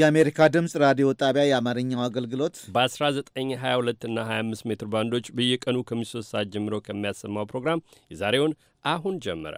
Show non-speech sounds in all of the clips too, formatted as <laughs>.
የአሜሪካ ድምፅ ራዲዮ ጣቢያ የአማርኛው አገልግሎት በ1922 እና 25 ሜትር ባንዶች በየቀኑ ከምሽቱ ሰዓት ጀምሮ ከሚያሰማው ፕሮግራም የዛሬውን አሁን ጀመረ።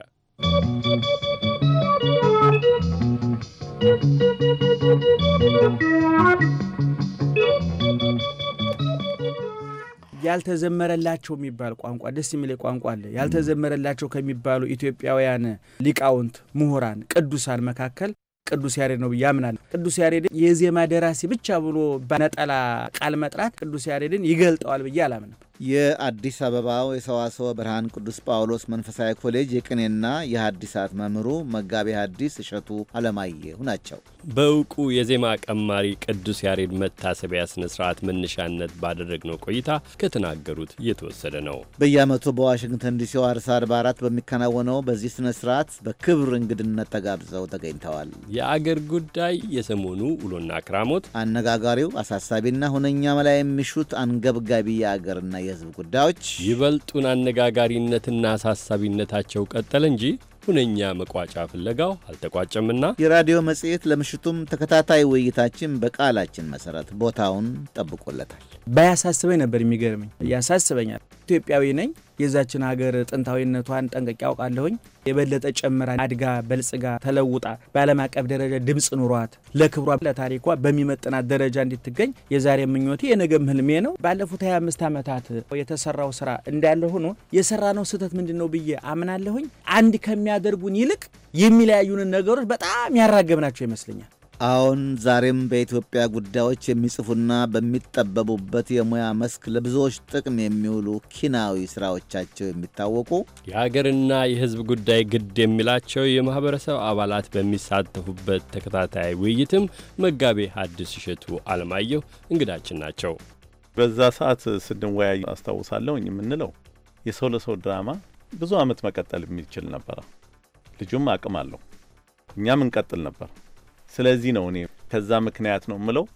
ያልተዘመረላቸው የሚባል ቋንቋ ደስ የሚል ቋንቋ አለ። ያልተዘመረላቸው ከሚባሉ ኢትዮጵያውያን ሊቃውንት፣ ምሁራን፣ ቅዱሳን መካከል ቅዱስ ያሬድ ነው ብዬ አምናለሁ። ቅዱስ ያሬድን የዜማ ደራሲ ብቻ ብሎ በነጠላ ቃል መጥራት ቅዱስ ያሬድን ይገልጠዋል ብዬ አላምንም። የአዲስ አበባው የሰዋሰወ ብርሃን ቅዱስ ጳውሎስ መንፈሳዊ ኮሌጅ የቅኔና የሐዲሳት መምህሩ መጋቤ ሐዲስ እሸቱ አለማየሁ ናቸው። በእውቁ የዜማ ቀማሪ ቅዱስ ያሬድ መታሰቢያ ስነ ስርዓት መነሻነት ባደረግነው ቆይታ ከተናገሩት እየተወሰደ ነው። በየዓመቱ በዋሽንግተን ዲሲው አርሳ 44 በሚከናወነው በዚህ ስነ ስርዓት በክብር እንግድነት ተጋብዘው ተገኝተዋል። የአገር ጉዳይ የሰሞኑ ውሎና ክራሞት አነጋጋሪው አሳሳቢና ሁነኛ መላ የሚሹት አንገብጋቢ የአገርና የህዝብ ጉዳዮች ይበልጡን አነጋጋሪነትና አሳሳቢነታቸው ቀጠለ እንጂ ሁነኛ መቋጫ ፍለጋው አልተቋጨምና የራዲዮ መጽሔት ለምሽቱም ተከታታይ ውይይታችን በቃላችን መሰረት ቦታውን ጠብቆለታል። ባያሳስበኝ ነበር። የሚገርመኝ ያሳስበኛል። ኢትዮጵያዊ ነኝ የዛችን ሀገር ጥንታዊነቷን ጠንቅቄ ያውቃለሁኝ። የበለጠ ጨምራ አድጋ በልጽጋ ተለውጣ በዓለም አቀፍ ደረጃ ድምፅ ኑሯት ለክብሯ ለታሪኳ በሚመጥናት ደረጃ እንድትገኝ የዛሬ ምኞቴ የነገም ህልሜ ነው። ባለፉት 25 ዓመታት የተሰራው ስራ እንዳለ ሆኖ የሰራ ነው ስህተት ምንድን ነው ብዬ አምናለሁኝ። አንድ ከሚያደርጉን ይልቅ የሚለያዩንን ነገሮች በጣም ያራገብናቸው ይመስለኛል። አሁን ዛሬም በኢትዮጵያ ጉዳዮች የሚጽፉና በሚጠበቡበት የሙያ መስክ ለብዙዎች ጥቅም የሚውሉ ኪናዊ ስራዎቻቸው የሚታወቁ የሀገርና የሕዝብ ጉዳይ ግድ የሚላቸው የማህበረሰብ አባላት በሚሳተፉበት ተከታታይ ውይይትም መጋቤ ሐዲስ እሸቱ አለማየሁ እንግዳችን ናቸው። በዛ ሰዓት ስንወያይ አስታውሳለሁ የምንለው የሰው ለሰው ድራማ ብዙ ዓመት መቀጠል የሚችል ነበረ። ልጁም አቅም አለው፣ እኛም እንቀጥል ነበር። ስለዚህ ነው እኔ ከዛ ምክንያት ነው የምለው።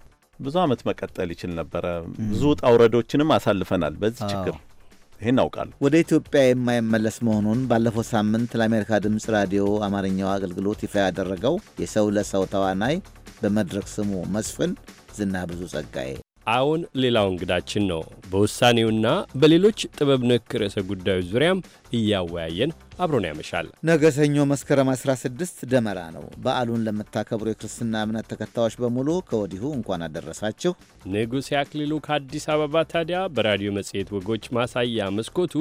ብዙ አመት መቀጠል ይችል ነበረ። ብዙ ውጣ ውረዶችንም አሳልፈናል በዚህ ችግር ይህን አውቃለሁ። ወደ ኢትዮጵያ የማይመለስ መሆኑን ባለፈው ሳምንት ለአሜሪካ ድምፅ ራዲዮ አማርኛው አገልግሎት ይፋ ያደረገው የሰው ለሰው ተዋናይ በመድረክ ስሙ መስፍን ዝና ብዙ ጸጋዬ አሁን ሌላው እንግዳችን ነው። በውሳኔውና በሌሎች ጥበብ ነክ ርዕሰ ጉዳዮች ዙሪያም እያወያየን አብሮን ያመሻል። ነገ ሰኞ መስከረም 16 ደመራ ነው። በዓሉን ለምታከብሩ የክርስትና እምነት ተከታዮች በሙሉ ከወዲሁ እንኳን አደረሳችሁ። ንጉሴ አክሊሉ ከአዲስ አበባ ታዲያ በራዲዮ መጽሔት ወጎች ማሳያ መስኮቱ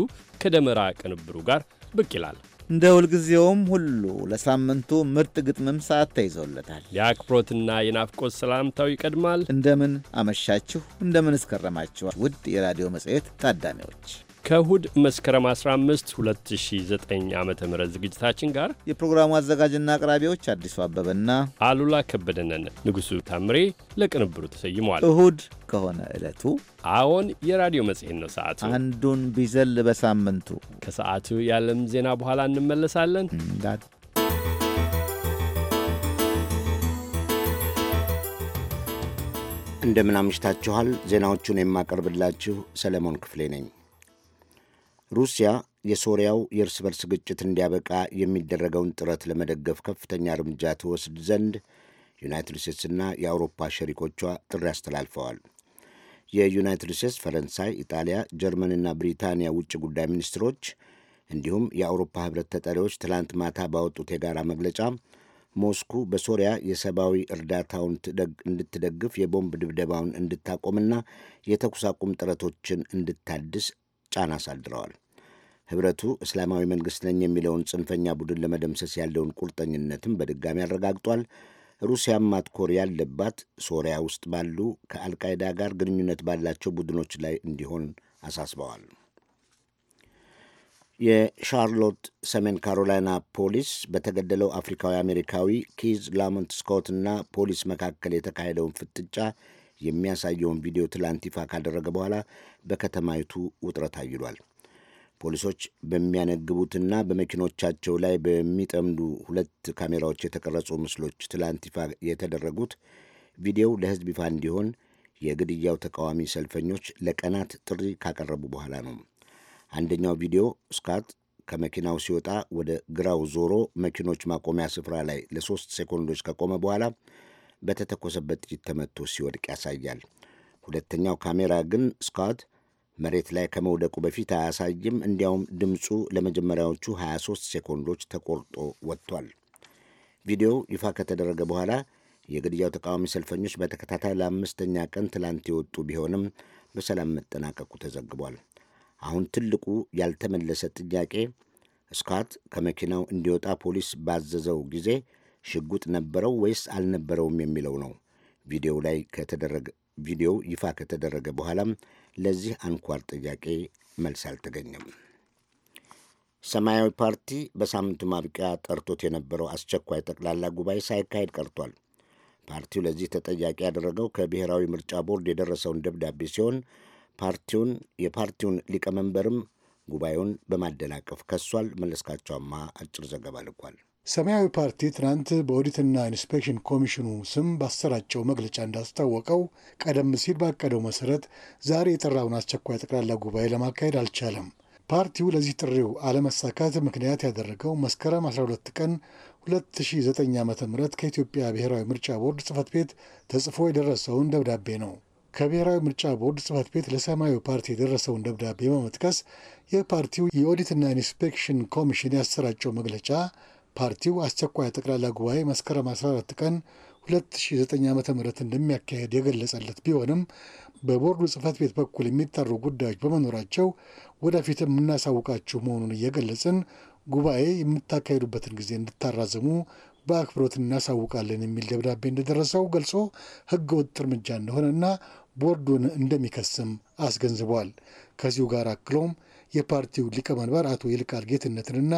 ከደመራ ቅንብሩ ጋር ብቅ ይላል። እንደ ሁልጊዜውም ሁሉ ለሳምንቱ ምርጥ ግጥምም ሰዓት ተይዞለታል። የአክብሮትና የናፍቆት ሰላምታው ይቀድማል። እንደምን አመሻችሁ፣ እንደምን እስከረማችኋል ውድ የራዲዮ መጽሔት ታዳሚዎች ከእሁድ መስከረም 15 2009 ዓ ም ዝግጅታችን ጋር የፕሮግራሙ አዘጋጅና አቅራቢዎች አዲሱ አበበና አሉላ ከበደነን ንጉሡ ታምሬ ለቅንብሩ ተሰይመዋል። እሁድ ከሆነ ዕለቱ አዎን፣ የራዲዮ መጽሔት ነው። ሰዓቱ አንዱን ቢዘል በሳምንቱ ከሰዓቱ የዓለም ዜና በኋላ እንመለሳለን። እንደምን አምሽታችኋል። ዜናዎቹን የማቀርብላችሁ ሰለሞን ክፍሌ ነኝ። ሩሲያ የሶሪያው የእርስ በርስ ግጭት እንዲያበቃ የሚደረገውን ጥረት ለመደገፍ ከፍተኛ እርምጃ ትወስድ ዘንድ ዩናይትድ ስቴትስና የአውሮፓ ሸሪኮቿ ጥሪ አስተላልፈዋል። የዩናይትድ ስቴትስ፣ ፈረንሳይ፣ ኢጣሊያ፣ ጀርመንና ብሪታንያ ውጭ ጉዳይ ሚኒስትሮች እንዲሁም የአውሮፓ ሕብረት ተጠሪዎች ትላንት ማታ ባወጡት የጋራ መግለጫ ሞስኩ በሶሪያ የሰብአዊ እርዳታውን እንድትደግፍ የቦምብ ድብደባውን እንድታቆምና የተኩስ አቁም ጥረቶችን እንድታድስ ጫና አሳድረዋል። ህብረቱ እስላማዊ መንግሥት ነኝ የሚለውን ጽንፈኛ ቡድን ለመደምሰስ ያለውን ቁርጠኝነትም በድጋሚ አረጋግጧል። ሩሲያም ማትኮር ያለባት ሶሪያ ውስጥ ባሉ ከአልቃይዳ ጋር ግንኙነት ባላቸው ቡድኖች ላይ እንዲሆን አሳስበዋል። የሻርሎት ሰሜን ካሮላይና ፖሊስ በተገደለው አፍሪካዊ አሜሪካዊ ኪዝ ላሞንት ስኮት እና ፖሊስ መካከል የተካሄደውን ፍጥጫ የሚያሳየውን ቪዲዮ ትላንት ይፋ ካደረገ በኋላ በከተማይቱ ውጥረት አይሏል። ፖሊሶች በሚያነግቡትና በመኪኖቻቸው ላይ በሚጠምዱ ሁለት ካሜራዎች የተቀረጹ ምስሎች ትላንት ይፋ የተደረጉት ቪዲዮው ለሕዝብ ይፋ እንዲሆን የግድያው ተቃዋሚ ሰልፈኞች ለቀናት ጥሪ ካቀረቡ በኋላ ነው። አንደኛው ቪዲዮ ስካት ከመኪናው ሲወጣ ወደ ግራው ዞሮ መኪኖች ማቆሚያ ስፍራ ላይ ለሶስት ሴኮንዶች ከቆመ በኋላ በተተኮሰበት ጥይት ተመቶ ሲወድቅ ያሳያል። ሁለተኛው ካሜራ ግን ስኮት መሬት ላይ ከመውደቁ በፊት አያሳይም። እንዲያውም ድምፁ ለመጀመሪያዎቹ 23 ሴኮንዶች ተቆርጦ ወጥቷል። ቪዲዮው ይፋ ከተደረገ በኋላ የግድያው ተቃዋሚ ሰልፈኞች በተከታታይ ለአምስተኛ ቀን ትላንት የወጡ ቢሆንም በሰላም መጠናቀቁ ተዘግቧል። አሁን ትልቁ ያልተመለሰ ጥያቄ ስኮት ከመኪናው እንዲወጣ ፖሊስ ባዘዘው ጊዜ ሽጉጥ ነበረው ወይስ አልነበረውም የሚለው ነው። ቪዲዮው ላይ ከተደረገ ቪዲዮው ይፋ ከተደረገ በኋላም ለዚህ አንኳር ጥያቄ መልስ አልተገኘም። ሰማያዊ ፓርቲ በሳምንቱ ማብቂያ ጠርቶት የነበረው አስቸኳይ ጠቅላላ ጉባኤ ሳይካሄድ ቀርቷል። ፓርቲው ለዚህ ተጠያቂ ያደረገው ከብሔራዊ ምርጫ ቦርድ የደረሰውን ደብዳቤ ሲሆን ፓርቲውን የፓርቲውን ሊቀመንበርም ጉባኤውን በማደናቀፍ ከሷል። መለስካቸውማ አጭር ዘገባ ልኳል። ሰማያዊ ፓርቲ ትናንት በኦዲትና ኢንስፔክሽን ኮሚሽኑ ስም ባሰራጨው መግለጫ እንዳስታወቀው ቀደም ሲል ባቀደው መሰረት ዛሬ የጠራውን አስቸኳይ ጠቅላላ ጉባኤ ለማካሄድ አልቻለም። ፓርቲው ለዚህ ጥሪው አለመሳካት ምክንያት ያደረገው መስከረም 12 ቀን 2009 ዓ ም ከኢትዮጵያ ብሔራዊ ምርጫ ቦርድ ጽህፈት ቤት ተጽፎ የደረሰውን ደብዳቤ ነው። ከብሔራዊ ምርጫ ቦርድ ጽህፈት ቤት ለሰማያዊ ፓርቲ የደረሰውን ደብዳቤ በመጥቀስ የፓርቲው የኦዲትና ኢንስፔክሽን ኮሚሽን ያሰራጨው መግለጫ ፓርቲው አስቸኳይ ጠቅላላ ጉባኤ መስከረም 14 ቀን 2009 ዓ ም እንደሚያካሄድ የገለጸለት ቢሆንም በቦርዱ ጽህፈት ቤት በኩል የሚጠሩ ጉዳዮች በመኖራቸው ወደፊት የምናሳውቃችሁ መሆኑን እየገለጽን ጉባኤ የምታካሄዱበትን ጊዜ እንድታራዘሙ በአክብሮት እናሳውቃለን የሚል ደብዳቤ እንደደረሰው ገልጾ ህገወጥ ወጥ እርምጃ እንደሆነና ቦርዱን እንደሚከስም አስገንዝቧል። ከዚሁ ጋር አክሎም የፓርቲው ሊቀመንበር አቶ ይልቃል ጌትነትንና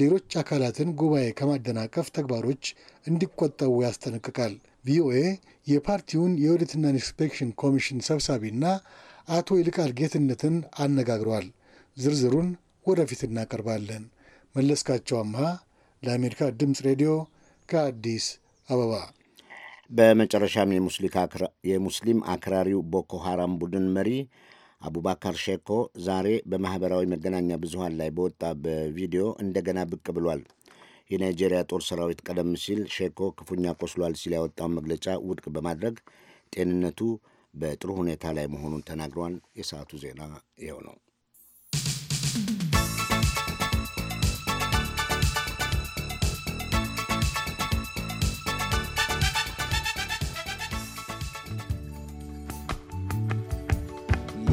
ሌሎች አካላትን ጉባኤ ከማደናቀፍ ተግባሮች እንዲቆጠቡ ያስጠነቅቃል። ቪኦኤ የፓርቲውን የኦዲትና ኢንስፔክሽን ኮሚሽን ሰብሳቢና አቶ ይልቃል ጌትነትን አነጋግሯል። ዝርዝሩን ወደፊት እናቀርባለን። መለስካቸው አምሃ ለአሜሪካ ድምፅ ሬዲዮ ከአዲስ አበባ። በመጨረሻም የሙስሊም አክራሪው ቦኮ ሃራም ቡድን መሪ አቡባካር ሼኮ ዛሬ በማኅበራዊ መገናኛ ብዙሃን ላይ በወጣ በቪዲዮ እንደገና ብቅ ብሏል። የናይጄሪያ ጦር ሰራዊት ቀደም ሲል ሼኮ ክፉኛ ቆስሏል ሲል ያወጣውን መግለጫ ውድቅ በማድረግ ጤንነቱ በጥሩ ሁኔታ ላይ መሆኑን ተናግሯል። የሰዓቱ ዜና ይኸው ነው።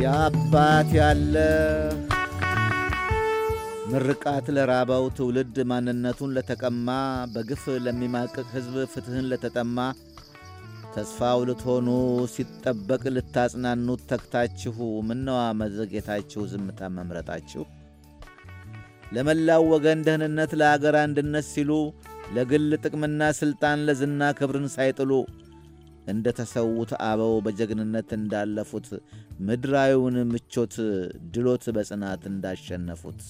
የአባት ያለ ምርቃት ለራበው ትውልድ ማንነቱን ለተቀማ በግፍ ለሚማቅቅ ሕዝብ ፍትሕን ለተጠማ ተስፋው ልትሆኑ ሲጠበቅ ልታጽናኑት ተግታችሁ ምነዋ መዘግየታችሁ ዝምታ መምረጣችሁ ለመላው ወገን ደህንነት ለአገር አንድነት ሲሉ ለግል ጥቅምና ሥልጣን ለዝና ክብርን ሳይጥሉ እንደ ተሰዉት አበው በጀግንነት እንዳለፉት ምድራዊውን ምቾት ድሎት በጽናት እንዳሸነፉት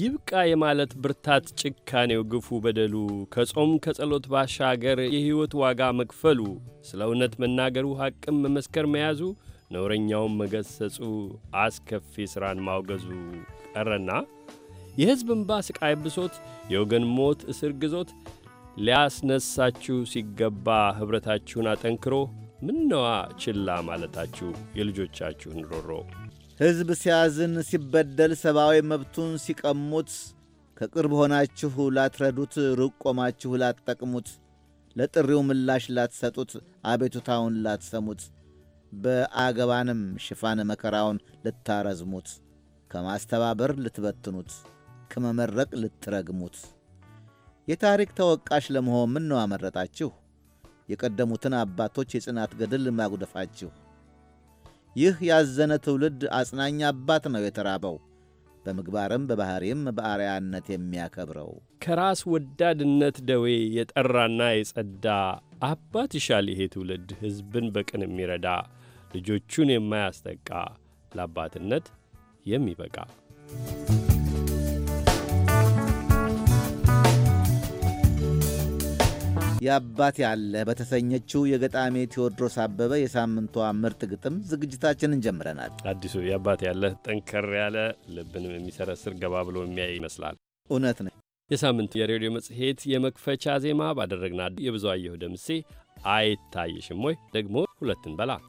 ይብቃ የማለት ብርታት፣ ጭካኔው፣ ግፉ፣ በደሉ ከጾም ከጸሎት ባሻገር የሕይወት ዋጋ መክፈሉ፣ ስለ እውነት መናገሩ፣ ሐቅም መመስከር መያዙ፣ ነውረኛውን መገሰጹ፣ አስከፊ ሥራን ማውገዙ ቀረና የሕዝብ እንባ፣ ብሶት፣ የወገን ሞት፣ እስር፣ ግዞት ሊያስነሳችሁ ሲገባ ኅብረታችሁን አጠንክሮ ምነዋ ችላ ማለታችሁ የልጆቻችሁን ሮሮ ሕዝብ ሲያዝን ሲበደል ሰብአዊ መብቱን ሲቀሙት ከቅርብ ሆናችሁ ላትረዱት ሩቅ ቆማችሁ ላትጠቅሙት ለጥሪው ምላሽ ላትሰጡት አቤቱታውን ላትሰሙት በአገባንም ሽፋን መከራውን ልታረዝሙት ከማስተባበር ልትበትኑት ከመመረቅ ልትረግሙት የታሪክ ተወቃሽ ለመሆን ምን ነው አመረጣችሁ? የቀደሙትን አባቶች የጽናት ገድል ማጉደፋችሁ። ይህ ያዘነ ትውልድ አጽናኝ አባት ነው የተራበው በምግባርም በባሕሪም በአርያነት የሚያከብረው ከራስ ወዳድነት ደዌ የጠራና የጸዳ አባት ይሻል ይሄ ትውልድ ሕዝብን በቅን የሚረዳ ልጆቹን የማያስጠቃ ለአባትነት የሚበቃ የአባት ያለህ በተሰኘችው የገጣሚ ቴዎድሮስ አበበ የሳምንቷ ምርጥ ግጥም ዝግጅታችንን ጀምረናል። አዲሱ የአባት ያለህ ጠንከር ያለ ልብንም የሚሰረስር ገባ ብሎ የሚያይ ይመስላል። እውነት ነው። የሳምንቱ የሬዲዮ መጽሔት የመክፈቻ ዜማ የብዙ አየሁ ደምሴ አይታይሽም ወይ ደግሞ ሁለትን በላ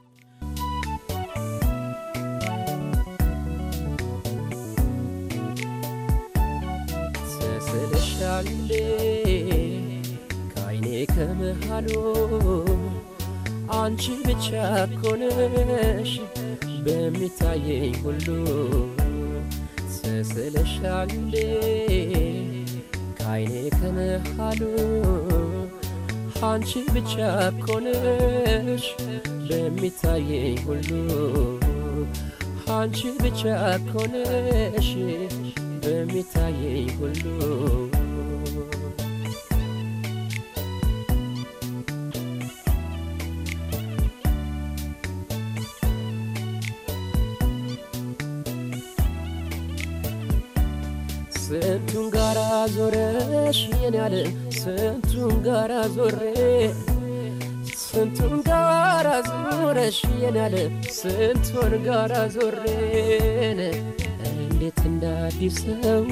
ስልሻል እኔ ከመሃሉ አንቺ ብቻ ኮነሽ በሚታየኝ ሁሉ ስስለሻሌ ከአይኔ ከመሃሉ አንቺ ብቻ ኮነሽ በሚታየኝ ሁሉ አንቺ ብቻ ኮነሽ በሚታየኝ ሁሉ ዞረሽ የኔ ያለ ስንቱን ጋራ ዞሬ ስንቱን ጋራ ዞረሽ የኔ ያለ ስንቱን ጋራ ዞሬን እንዴት እንደ አዲስ ሰው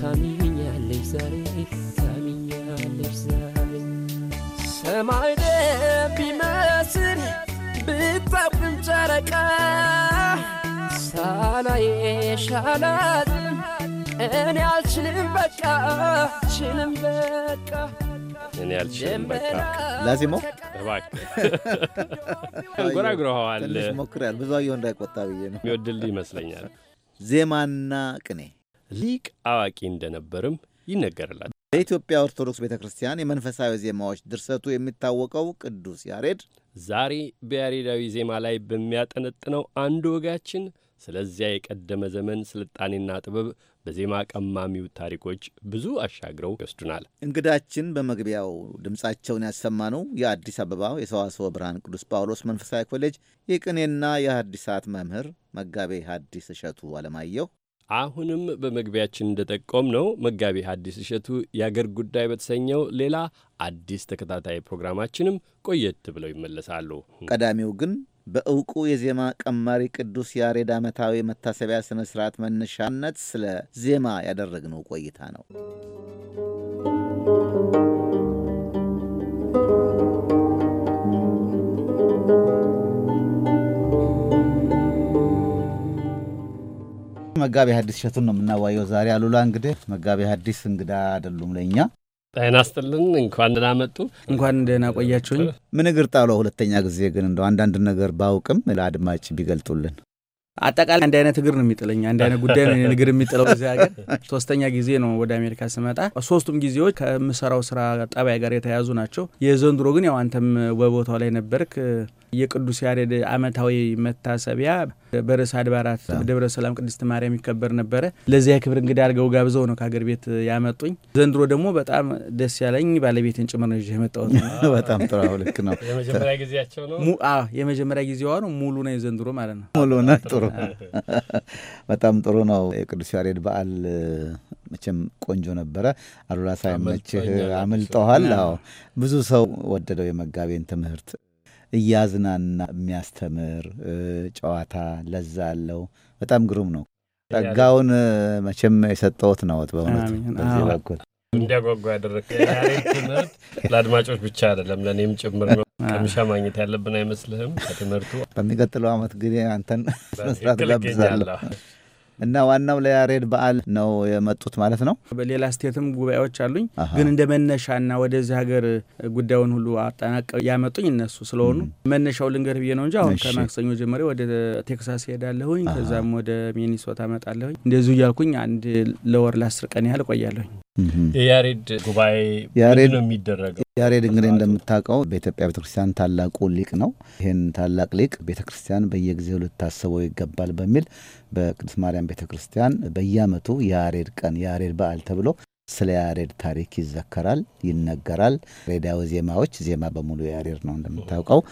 ታሚኛለሽ ዛሬ ታሚኛለሽ ዛሬ ሰማይ ቢመስል ብታብም ጨረቃ ሳላዬ ሻላት እኔ አልችልም በቃ አልችልም በቃ እኔ አልችልም በቃ <laughs> ጎራጉረኸዋል። ትንሽ ብዙ አየሁ እንዳይቆጣ ብዬ ነው። ይመስለኛል። ዜማና ቅኔ ሊቅ አዋቂ እንደነበርም ይነገርላል። በኢትዮጵያ ኦርቶዶክስ ቤተ ክርስቲያን የመንፈሳዊ ዜማዎች ድርሰቱ የሚታወቀው ቅዱስ ያሬድ ዛሬ በያሬዳዊ ዜማ ላይ በሚያጠነጥነው አንድ ወጋችን ስለዚያ የቀደመ ዘመን ስልጣኔና ጥበብ በዜማ ቀማሚው ታሪኮች ብዙ አሻግረው ይወስዱናል። እንግዳችን በመግቢያው ድምፃቸውን ያሰማ ነው። የአዲስ አበባ የሰዋስወ ብርሃን ቅዱስ ጳውሎስ መንፈሳዊ ኮሌጅ የቅኔና የሐዲሳት መምህር መጋቤ ሐዲስ እሸቱ አለማየሁ አሁንም በመግቢያችን እንደጠቆም ነው መጋቢ ሐዲስ እሸቱ የአገር ጉዳይ በተሰኘው ሌላ አዲስ ተከታታይ ፕሮግራማችንም ቆየት ብለው ይመለሳሉ። ቀዳሚው ግን በእውቁ የዜማ ቀማሪ ቅዱስ ያሬድ ዓመታዊ መታሰቢያ ሥነ ሥርዓት መነሻነት ስለ ዜማ ያደረግነው ቆይታ ነው። መጋቢ ሐዲስ እሸቱን ነው የምናዋየው ዛሬ። አሉላ እንግዲህ መጋቢ ሐዲስ እንግዳ አይደሉም ለእኛ ጤና ይስጥልን። እንኳን ደህና መጡ። እንኳን ደህና ቆያችሁኝ። ምን እግር ጣሏ። ሁለተኛ ጊዜ ግን እንደው አንዳንድ ነገር ባውቅም ለአድማጭ ቢገልጡልን። አጠቃላይ አንድ አይነት እግር ነው የሚጥለኝ። አንድ አይነት ጉዳይ ነው እግር የሚጥለው እዚህ ሀገር። ሶስተኛ ጊዜ ነው ወደ አሜሪካ ስመጣ። ሶስቱም ጊዜዎች ከምሰራው ስራ ጠባይ ጋር የተያዙ ናቸው። የዘንድሮ ግን ያው አንተም በቦታው ላይ ነበርክ የቅዱስ ያሬድ አመታዊ መታሰቢያ በርዕሰ አድባራት ደብረ ሰላም ቅድስት ማርያም ይከበር ነበረ። ለዚያ ክብር እንግዳ አድርገው ጋብዘው ነው ከሀገር ቤት ያመጡኝ። ዘንድሮ ደግሞ በጣም ደስ ያለኝ ባለቤትን ጭምር ነው ይዤ የመጣሁት። በጣም ጥሩ ልክ ነው። የመጀመሪያ ጊዜያቸው ነው። የመጀመሪያ ጊዜዋ ነው። ሙሉ ነው ዘንድሮ ማለት ነው። ሙሉ ነው። ጥሩ በጣም ጥሩ ነው። የቅዱስ ያሬድ በዓል መቼም ቆንጆ ነበረ። አሉላ ሳይመችህ አምልጠዋል። አዎ ብዙ ሰው ወደደው የመጋቤን ትምህርት እያዝናና የሚያስተምር ጨዋታ ለዛ አለው። በጣም ግሩም ነው። ጸጋውን መቼም የሰጠውት ነዎት። በእውነት በዚህ በኩል እንዲያጓጓ ያደረግ ትምህርት ለአድማጮች ብቻ አይደለም ለእኔም ጭምር ነው። ቀምሻ ማግኘት ያለብን አይመስልህም? ከትምህርቱ በሚቀጥለው አመት ግን አንተን መስራት ጋብዛለሁ። እና ዋናው ለያሬድ በዓል ነው የመጡት ማለት ነው። በሌላ ስቴትም ጉባኤዎች አሉኝ፣ ግን እንደ መነሻና ወደዚህ ሀገር ጉዳዩን ሁሉ አጠናቀው ያመጡኝ እነሱ ስለሆኑ መነሻው ልንገር ብዬ ነው እንጂ አሁን ከማክሰኞ ጀመሪ ወደ ቴክሳስ ሄዳለሁኝ፣ ከዛም ወደ ሚኒሶታ መጣለሁኝ። እንደዚሁ እያልኩኝ አንድ ለወር ለአስር ቀን ያህል እቆያለሁኝ። የያሬድ ጉባኤ ነው የሚደረገው ያሬድ እንግዲህ እንደምታውቀው በኢትዮጵያ ቤተክርስቲያን ታላቁ ሊቅ ነው። ይህን ታላቅ ሊቅ ቤተክርስቲያን በየጊዜው ልታስበው ይገባል በሚል በቅዱስ ማርያም ቤተክርስቲያን በየዓመቱ የያሬድ ቀን የያሬድ በዓል ተብሎ ስለ ያሬድ ታሪክ ይዘከራል፣ ይነገራል። ሬዳዊ ዜማዎች ዜማ በሙሉ ያሬድ ነው እንደምታውቀው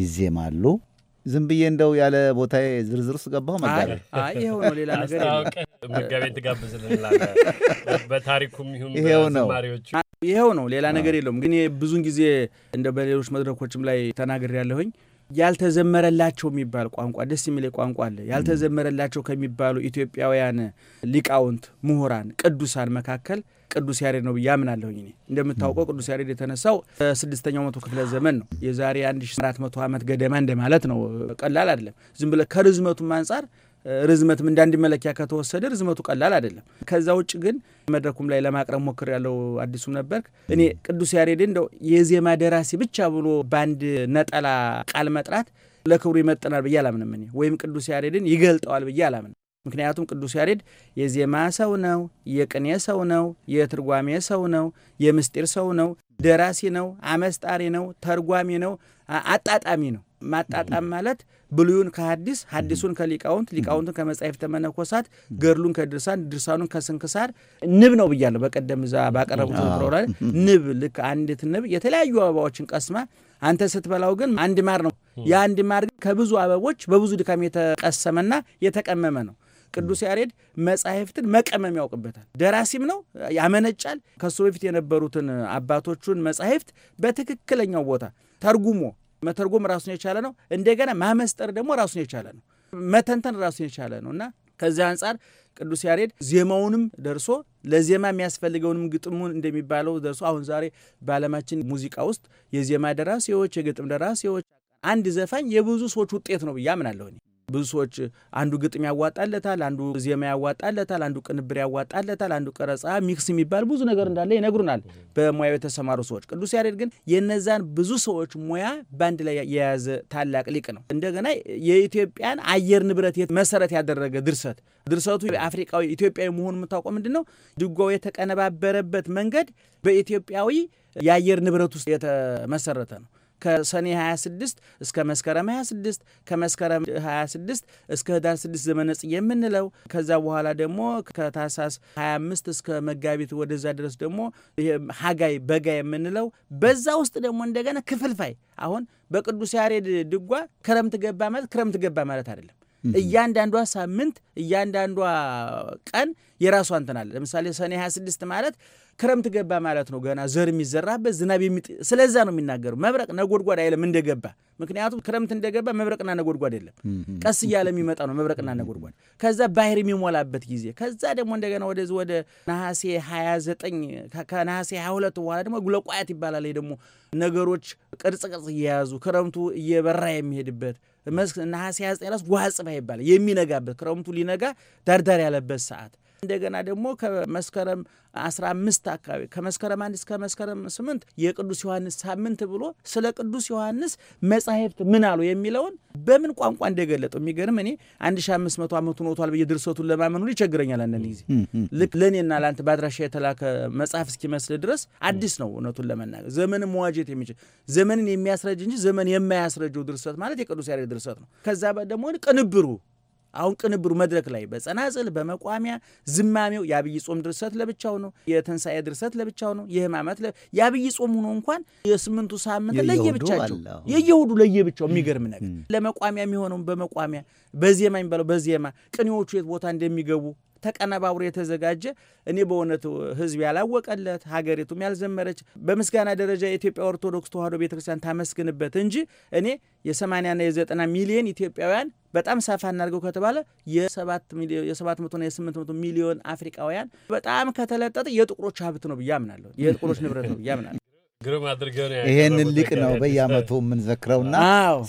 ይዜማሉ። ዝም ብዬ እንደው ያለ ቦታ ዝርዝር ውስጥ ገባሁ። መጋቢ ይሄው ነው፣ ሌላ ነገር መጋቤን ትጋብዝልንላ በታሪኩም ይሁን ይሄው ነው ይሄው ነው፣ ሌላ ነገር የለውም። ግን ብዙን ጊዜ እንደ በሌሎች መድረኮችም ላይ ተናግሬ ያለሁኝ ያልተዘመረላቸው የሚባል ቋንቋ ደስ የሚል ቋንቋ አለ። ያልተዘመረላቸው ከሚባሉ ኢትዮጵያውያን ሊቃውንት፣ ምሁራን፣ ቅዱሳን መካከል ቅዱስ ያሬድ ነው ብዬ አምናለሁኝ። እኔ እንደምታውቀው ቅዱስ ያሬድ የተነሳው ስድስተኛው መቶ ክፍለ ዘመን ነው። የዛሬ 1400 ዓመት ገደማ እንደማለት ነው። ቀላል አይደለም። ዝም ብለህ ከርዝመቱም አንጻር ርዝመትም እንደ አንድ መለኪያ ከተወሰደ ርዝመቱ ቀላል አይደለም። ከዛ ውጭ ግን መድረኩም ላይ ለማቅረብ ሞክር ያለው አዲሱም ነበር። እኔ ቅዱስ ያሬድ እንደው የዜማ ደራሲ ብቻ ብሎ በአንድ ነጠላ ቃል መጥራት ለክብሩ ይመጥናል ብዬ አላምንም። እኔ ወይም ቅዱስ ያሬድን ይገልጠዋል ብዬ አላምን። ምክንያቱም ቅዱስ ያሬድ የዜማ ሰው ነው፣ የቅኔ ሰው ነው፣ የትርጓሜ ሰው ነው፣ የምስጢር ሰው ነው፣ ደራሲ ነው፣ አመስጣሪ ነው፣ ተርጓሚ ነው፣ አጣጣሚ ነው። ማጣጣም ማለት ብሉዩን ከሐዲስ ሐዲሱን ከሊቃውንት ሊቃውንቱን ከመጻሕፍተ መነኮሳት ገድሉን ከድርሳን ድርሳኑን ከስንክሳር ንብ ነው ብያለሁ። በቀደም እዛ ባቀረቡት ፕሮግራም ንብ ልክ አንዲት ንብ የተለያዩ አበባዎችን ቀስማ አንተ ስትበላው ግን አንድ ማር ነው። የአንድ ማር ግን ከብዙ አበቦች በብዙ ድካም የተቀሰመና የተቀመመ ነው። ቅዱስ ያሬድ መጻሕፍትን መቀመም ያውቅበታል። ደራሲም ነው፣ ያመነጫል። ከሱ በፊት የነበሩትን አባቶቹን መጻሕፍት በትክክለኛው ቦታ ተርጉሞ መተርጎም ራሱን የቻለ ነው። እንደገና ማመስጠር ደግሞ ራሱን የቻለ ነው። መተንተን ራሱን የቻለ ነው እና ከዚህ አንጻር ቅዱስ ያሬድ ዜማውንም ደርሶ ለዜማ የሚያስፈልገውንም ግጥሙን እንደሚባለው ደርሶ አሁን ዛሬ በዓለማችን ሙዚቃ ውስጥ የዜማ ደራሲዎች፣ የግጥም ደራሲዎች አንድ ዘፋኝ የብዙ ሰዎች ውጤት ነው ብዬ አምናለሁ እኔ። ብዙ ሰዎች አንዱ ግጥም ያዋጣለታል፣ አንዱ ዜማ ያዋጣለታል፣ አንዱ ቅንብር ያዋጣለታል፣ አንዱ ቀረጻ ሚክስ የሚባል ብዙ ነገር እንዳለ ይነግሩናል በሙያው የተሰማሩ ሰዎች። ቅዱስ ያሬድ ግን የነዛን ብዙ ሰዎች ሙያ በአንድ ላይ የያዘ ታላቅ ሊቅ ነው። እንደገና የኢትዮጵያን አየር ንብረት መሰረት ያደረገ ድርሰት ድርሰቱ አፍሪካዊ ኢትዮጵያዊ መሆኑ የምታውቀው ምንድን ነው? ድጓው የተቀነባበረበት መንገድ በኢትዮጵያዊ የአየር ንብረት ውስጥ የተመሰረተ ነው። ከሰኔ 26 እስከ መስከረም 26 ከመስከረም 26 እስከ ህዳር 6 ዘመነ ጽጌ የምንለው ከዛ በኋላ ደግሞ ከታህሳስ 25 እስከ መጋቢት ወደዛ ድረስ ደግሞ ሀጋይ በጋ የምንለው በዛ ውስጥ ደግሞ እንደገና ክፍልፋይ አሁን በቅዱስ ያሬድ ድጓ ክረምት ገባ ማለት ክረምት ገባ ማለት አይደለም። እያንዳንዷ ሳምንት እያንዳንዷ ቀን የራሷ እንትን አለ። ለምሳሌ ሰኔ 26 ማለት ክረምት ገባ ማለት ነው። ገና ዘር የሚዘራበት ዝናብ የሚጥ ስለዛ ነው የሚናገሩ መብረቅ ነጎድጓድ አይለም እንደገባ። ምክንያቱም ክረምት እንደገባ መብረቅና ነጎድጓድ የለም። ቀስ እያለ የሚመጣ ነው መብረቅና ነጎድጓድ። ከዛ ባህር የሚሞላበት ጊዜ ከዛ ደግሞ እንደገና ወደዚህ ወደ ነሐሴ 29 ከነሐሴ 22 በኋላ ደግሞ ጉለቋያት ይባላል። ደግሞ ነገሮች ቅርጽ ቅርጽ እየያዙ ክረምቱ እየበራ የሚሄድበት ነሐሴ 29 ራሱ ዋጽባ ይባላል የሚነጋበት ክረምቱ ሊነጋ ዳርዳር ያለበት ሰዓት እንደገና ደግሞ ከመስከረም 15 አካባቢ ከመስከረም አንድ እስከ መስከረም 8 የቅዱስ ዮሐንስ ሳምንት ብሎ ስለ ቅዱስ ዮሐንስ መጻሕፍት ምን አሉ የሚለውን በምን ቋንቋ እንደገለጡ የሚገርም እኔ 1500 ዓመቱ ኖቷል ብዬ ድርሰቱን ለማመን ይቸግረኛል። አንዳንድ ጊዜ ልክ ለእኔና ለአንተ በአድራሻ የተላከ መጽሐፍ እስኪመስል ድረስ አዲስ ነው። እውነቱን ለመናገር ዘመን መዋጀት የሚችል ዘመንን የሚያስረጅ እንጂ ዘመን የማያስረጀው ድርሰት ማለት የቅዱስ ያሬድ ድርሰት ነው። ከዛ ደግሞ ቅንብሩ አሁን ቅንብሩ መድረክ ላይ በጸናጽል በመቋሚያ ዝማሜው የአብይ ጾም ድርሰት ለብቻው ነው። የትንሣኤ ድርሰት ለብቻው ነው። የህማማት የአብይ ጾም ሆኖ እንኳን የስምንቱ ሳምንት ለየብቻቸው የየሁዱ ለየብቻው የሚገርም ነገር ለመቋሚያ የሚሆነውን በመቋሚያ በዜማ የሚባለው በዜማ ቅኔዎቹ የት ቦታ እንደሚገቡ ተቀነባብሮ የተዘጋጀ እኔ በእውነቱ ህዝብ ያላወቀለት ሀገሪቱም ያልዘመረች በምስጋና ደረጃ የኢትዮጵያ ኦርቶዶክስ ተዋሕዶ ቤተክርስቲያን ታመስግንበት እንጂ እኔ የሰማንያና የዘጠና ሚሊዮን ኢትዮጵያውያን በጣም ሰፋ እናድርገው ከተባለ የሰባት መቶና የስምንት መቶ ሚሊዮን አፍሪካውያን በጣም ከተለጠጠ የጥቁሮች ሀብት ነው ብዬ አምናለሁ። የጥቁሮች ንብረት ነው ብዬ አምናለሁ። ይሄንን ሊቅ ነው በየአመቱ የምንዘክረውና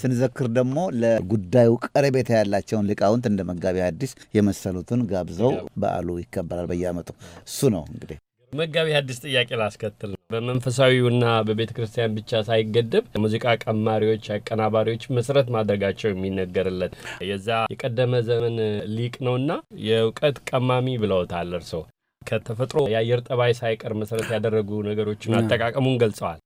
ስንዘክር ደግሞ ለጉዳዩ ቀረቤታ ያላቸውን ሊቃውንት እንደ መጋቢ አዲስ የመሰሉትን ጋብዘው በዓሉ ይከበራል በየአመቱ እሱ ነው እንግዲህ መጋቢ አዲስ ጥያቄ ላስከትል። በመንፈሳዊውና በቤተ ክርስቲያን ብቻ ሳይገደብ ሙዚቃ ቀማሪዎች፣ አቀናባሪዎች መሰረት ማድረጋቸው የሚነገርለት የዛ የቀደመ ዘመን ሊቅ ነውና የእውቀት ቀማሚ ብለውታል እርስዎ። ከተፈጥሮ የአየር ጠባይ ሳይቀር መሰረት ያደረጉ ነገሮችን አጠቃቀሙን ገልጸዋል።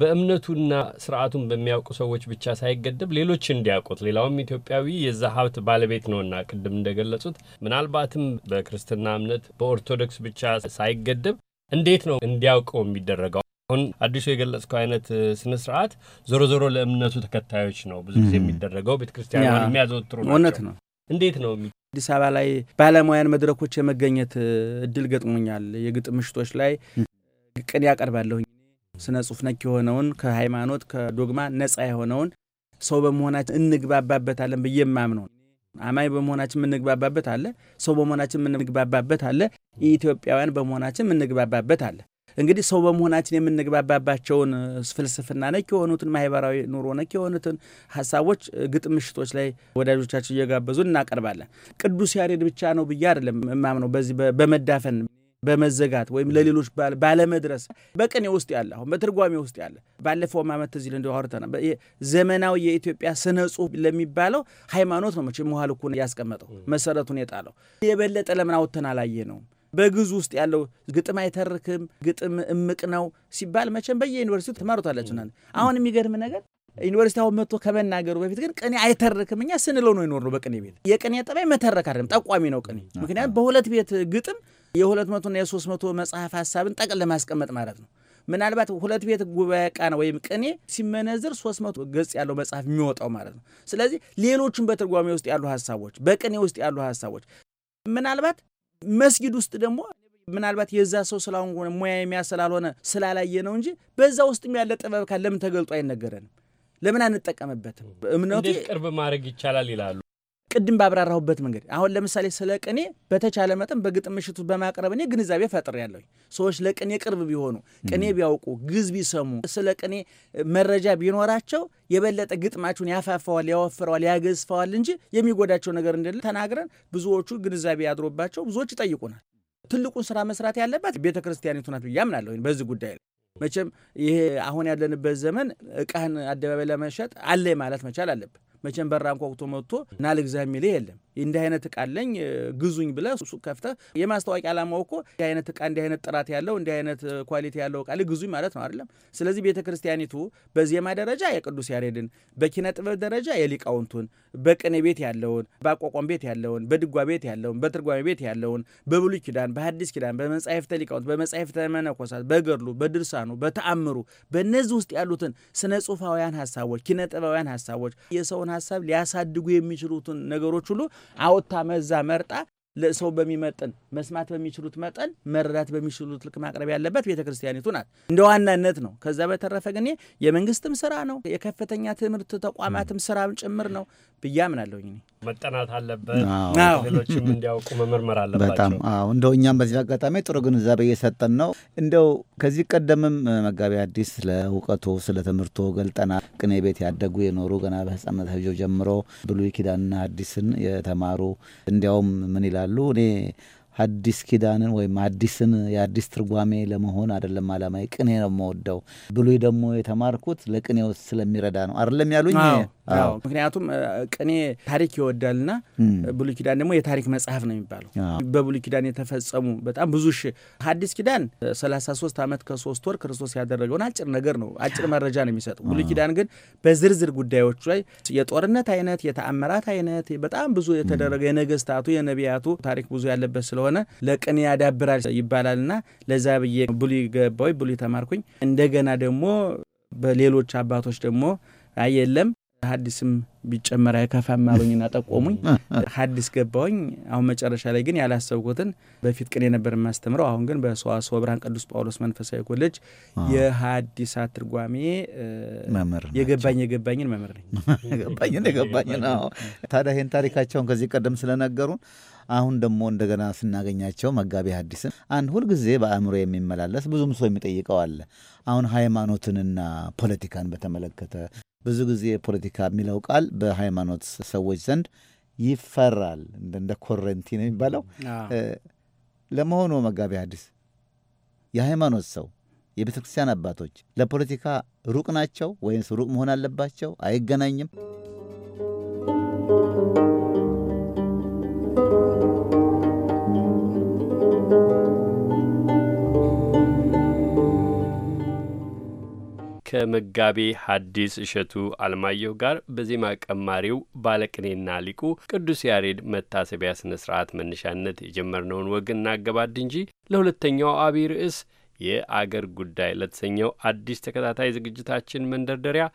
በእምነቱና ስርዓቱን በሚያውቁ ሰዎች ብቻ ሳይገደብ ሌሎች እንዲያውቁት ሌላውም ኢትዮጵያዊ የዛ ሀብት ባለቤት ነውና ቅድም እንደገለጹት ምናልባትም በክርስትና እምነት በኦርቶዶክስ ብቻ ሳይገደብ እንዴት ነው እንዲያውቀው የሚደረገው? አሁን አዲሱ የገለጽከው አይነት ስነ ስርዓት ዞሮ ዞሮ ለእምነቱ ተከታዮች ነው ብዙ ጊዜ የሚደረገው ቤተ የሚያዘወትሩ ነው። እውነት ነው። እንዴት ነው አዲስ አበባ ላይ ባለሙያን መድረኮች የመገኘት እድል ገጥሞኛል። የግጥም ምሽቶች ላይ ቅኔ ያቀርባለሁኝ። ስነ ጽሁፍ ነክ የሆነውን ከሃይማኖት ከዶግማ ነጻ የሆነውን ሰው በመሆናችን እንግባባበታለን ብዬ የማምነው አማኝ በመሆናችን የምንግባባበት አለ። ሰው በመሆናችን የምንግባባበት አለ። ኢትዮጵያውያን በመሆናችን የምንግባባበት አለ። እንግዲህ ሰው በመሆናችን የምንግባባባቸውን ፍልስፍና ነክ የሆኑትን ማህበራዊ ኑሮ ነክ የሆኑትን ሀሳቦች ግጥም ምሽቶች ላይ ወዳጆቻችን እየጋበዙ እናቀርባለን። ቅዱስ ያሬድ ብቻ ነው ብዬ አይደለም የማምነው በዚህ በመዳፈን በመዘጋት ወይም ለሌሎች ባለመድረስ በቅኔ ውስጥ ያለ አሁን በትርጓሜ ውስጥ ያለ ባለፈው ዓመት እዚህ እንዲ አውርተናል። ዘመናዊ የኢትዮጵያ ስነ ጽሁፍ ለሚባለው ሃይማኖት ነው መቼም መሀል እኮ ያስቀመጠው መሰረቱን የጣለው የበለጠ ለምን አውጥተን አላየ ነው በግዕዝ ውስጥ ያለው ግጥም አይተርክም፣ ግጥም እምቅ ነው ሲባል መቼም በየዩኒቨርሲቲው ትማሩታላችሁና አሁን የሚገርም ነገር ዩኒቨርሲቲ አሁን መጥቶ ከመናገሩ በፊት ግን ቅኔ አይተርክም። እኛ ስንለው ነው የኖርነው በቅኔ ቤት። የቅኔ ጠባይ መተረክ አይደለም ጠቋሚ ነው ቅኔ። ምክንያቱም በሁለት ቤት ግጥም የሁለት መቶና የሶስት መቶ መጽሐፍ ሀሳብን ጠቅል ለማስቀመጥ ማለት ነው። ምናልባት ሁለት ቤት ጉባኤ ቃና ወይም ቅኔ ሲመነዝር ሶስት መቶ ገጽ ያለው መጽሐፍ የሚወጣው ማለት ነው። ስለዚህ ሌሎቹም በትርጓሜ ውስጥ ያሉ ሀሳቦች፣ በቅኔ ውስጥ ያሉ ሀሳቦች ምናልባት መስጊድ ውስጥ ደግሞ ምናልባት የዛ ሰው ስላሁን ሙያ የሚያ ስላልሆነ ስላላየ ነው እንጂ በዛ ውስጥ ያለ ጥበብ ካለ ለምን ተገልጦ አይነገረንም? ለምን አንጠቀምበትም? እምነቱ ቅርብ ማድረግ ይቻላል ይላሉ። ቅድም ባብራራሁበት መንገድ አሁን ለምሳሌ ስለ ቅኔ በተቻለ መጠን በግጥም ምሽቱ በማቅረብ እኔ ግንዛቤ ፈጥር ያለሁ ሰዎች ለቅኔ ቅርብ ቢሆኑ፣ ቅኔ ቢያውቁ፣ ግዝ ቢሰሙ፣ ስለ ቅኔ መረጃ ቢኖራቸው የበለጠ ግጥማችሁን ያፋፋዋል፣ ያወፍረዋል፣ ያገዝፈዋል እንጂ የሚጎዳቸው ነገር እንደለ ተናግረን ብዙዎቹ ግንዛቤ ያድሮባቸው ብዙዎች ይጠይቁናል። ትልቁን ስራ መስራት ያለባት ቤተ ክርስቲያኒቱ ናት ብዬ አምናለሁ በዚህ ጉዳይ ላይ መቼም ይሄ አሁን ያለንበት ዘመን እቃህን አደባባይ ለመሸጥ አለ ማለት መቻል አለብን። መቼም በራንኳኩቶ መጥቶ ናልግዛ የሚል የለም። እንዲህ አይነት እቃ አለኝ ግዙኝ ብለ ሱ ከፍተ የማስታወቂያ ዓላማው እኮ እንዲህ አይነት እቃ እንዲህ አይነት ጥራት ያለው እንዲህ አይነት ኳሊቲ ያለው እቃ ግዙኝ ማለት ነው አይደለም። ስለዚህ ቤተ ክርስቲያኒቱ በዜማ ደረጃ የቅዱስ ያሬድን፣ በኪነ ጥበብ ደረጃ የሊቃውንቱን፣ በቅኔ ቤት ያለውን፣ በአቋቋም ቤት ያለውን፣ በድጓ ቤት ያለውን፣ በትርጓሜ ቤት ያለውን፣ በብሉይ ኪዳን፣ በሐዲስ ኪዳን፣ በመጻሕፍተ ሊቃውንት፣ በመጻሕፍተ መነኮሳት፣ በገድሉ፣ በድርሳኑ፣ በተአምሩ በእነዚህ ውስጥ ያሉትን ስነ ጽሁፋውያን ሀሳቦች፣ ኪነ ጥበባውያን ሀሳቦች የሰውን ሀሳብ ሊያሳድጉ የሚችሉትን ነገሮች ሁሉ አውታ መዛ መርጣ ለሰው በሚመጥን መስማት በሚችሉት መጠን መረዳት በሚችሉት ልክ ማቅረብ ያለበት ቤተ ክርስቲያኒቱ ናት፣ እንደ ዋናነት ነው። ከዛ በተረፈ ግን የመንግስትም ስራ ነው፣ የከፍተኛ ትምህርት ተቋማትም ስራ ጭምር ነው ብዬ አምናለሁ። መጠናት አለበት፣ ሌሎችም እንዲያውቁ መመርመር አለባቸው። በጣም አዎ። እንደው እኛም በዚህ አጋጣሚ ጥሩ ግንዛቤ እየሰጠን ነው። እንደው ከዚህ ቀደምም መጋቢ አዲስ ስለ እውቀቱ ስለ ትምህርቱ ገልጠና ቅኔ ቤት ያደጉ የኖሩ ገና በህፃነት ጀምሮ ብሉይ ኪዳንና አዲስን የተማሩ እንዲያውም ምን ይላል 路呢？አዲስ ኪዳንን ወይም አዲስን የአዲስ ትርጓሜ ለመሆን አይደለም አላማ ቅኔ ነው የምወደው። ብሉይ ደግሞ የተማርኩት ለቅኔ ውስጥ ስለሚረዳ ነው አይደለም ያሉኝ። ምክንያቱም ቅኔ ታሪክ ይወዳልና ብሉይ ኪዳን ደግሞ የታሪክ መጽሐፍ ነው የሚባለው። በብሉይ ኪዳን የተፈጸሙ በጣም ብዙ ሺ አዲስ ኪዳን 33 ዓመት ከሶስት ወር ክርስቶስ ያደረገውን አጭር ነገር ነው፣ አጭር መረጃ ነው የሚሰጠው። ብሉይ ኪዳን ግን በዝርዝር ጉዳዮች ላይ የጦርነት አይነት፣ የተአምራት አይነት በጣም ብዙ የተደረገ የነገስታቱ የነቢያቱ ታሪክ ብዙ ያለበት ስለሆነ ስለሆነ ለቅኔ ያዳብራል ይባላልና ለዛ ብዬ ብሉ ገባዊ ብሉ ተማርኩኝ። እንደገና ደግሞ በሌሎች አባቶች ደግሞ አየለም የለም ሐዲስም ቢጨመር አይከፋም አሉኝና ጠቆሙኝ። ሐዲስ ገባውኝ። አሁን መጨረሻ ላይ ግን ያላሰብኩትን በፊት ቅኔ ነበር የማስተምረው። አሁን ግን በሰዋስወ ብርሃን ቅዱስ ጳውሎስ መንፈሳዊ ኮሌጅ የሐዲሳት ትርጓሜ የገባኝ የገባኝን መምህር ነኝ። ገባኝን <laughs> የገባኝን። ታዲያ ይህን ታሪካቸውን ከዚህ ቀደም ስለነገሩን አሁን ደግሞ እንደገና ስናገኛቸው መጋቢ ሐዲስን አንድ ሁልጊዜ በአእምሮ የሚመላለስ ብዙም ሰው የሚጠይቀው አለ። አሁን ሃይማኖትንና ፖለቲካን በተመለከተ ብዙ ጊዜ ፖለቲካ የሚለው ቃል በሃይማኖት ሰዎች ዘንድ ይፈራል። እንደ ኮረንቲ ነው የሚባለው። ለመሆኑ መጋቢ ሐዲስ የሃይማኖት ሰው የቤተ ክርስቲያን አባቶች ለፖለቲካ ሩቅ ናቸው ወይንስ ሩቅ መሆን አለባቸው? አይገናኝም? ከመጋቤ ሐዲስ እሸቱ አለማየሁ ጋር በዜማ ቀማሪው ባለቅኔና ሊቁ ቅዱስ ያሬድ መታሰቢያ ስነ ስርዓት መነሻነት የጀመርነውን ወግ እናገባድ እንጂ ለሁለተኛው አብይ ርዕስ የአገር ጉዳይ ለተሰኘው አዲስ ተከታታይ ዝግጅታችን መንደርደሪያ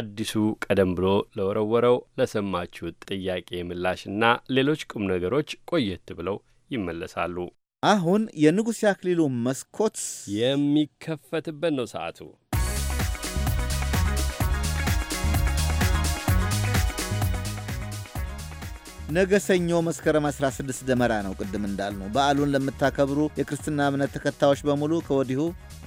አዲሱ ቀደም ብሎ ለወረወረው ለሰማችሁት ጥያቄ ምላሽና ሌሎች ቁም ነገሮች ቆየት ብለው ይመለሳሉ። አሁን የንጉሥ አክሊሉ መስኮት የሚከፈትበት ነው ሰዓቱ። ነገ ሰኞ መስከረም 16 ደመራ ነው። ቅድም እንዳልነው በዓሉን ለምታከብሩ የክርስትና እምነት ተከታዮች በሙሉ ከወዲሁ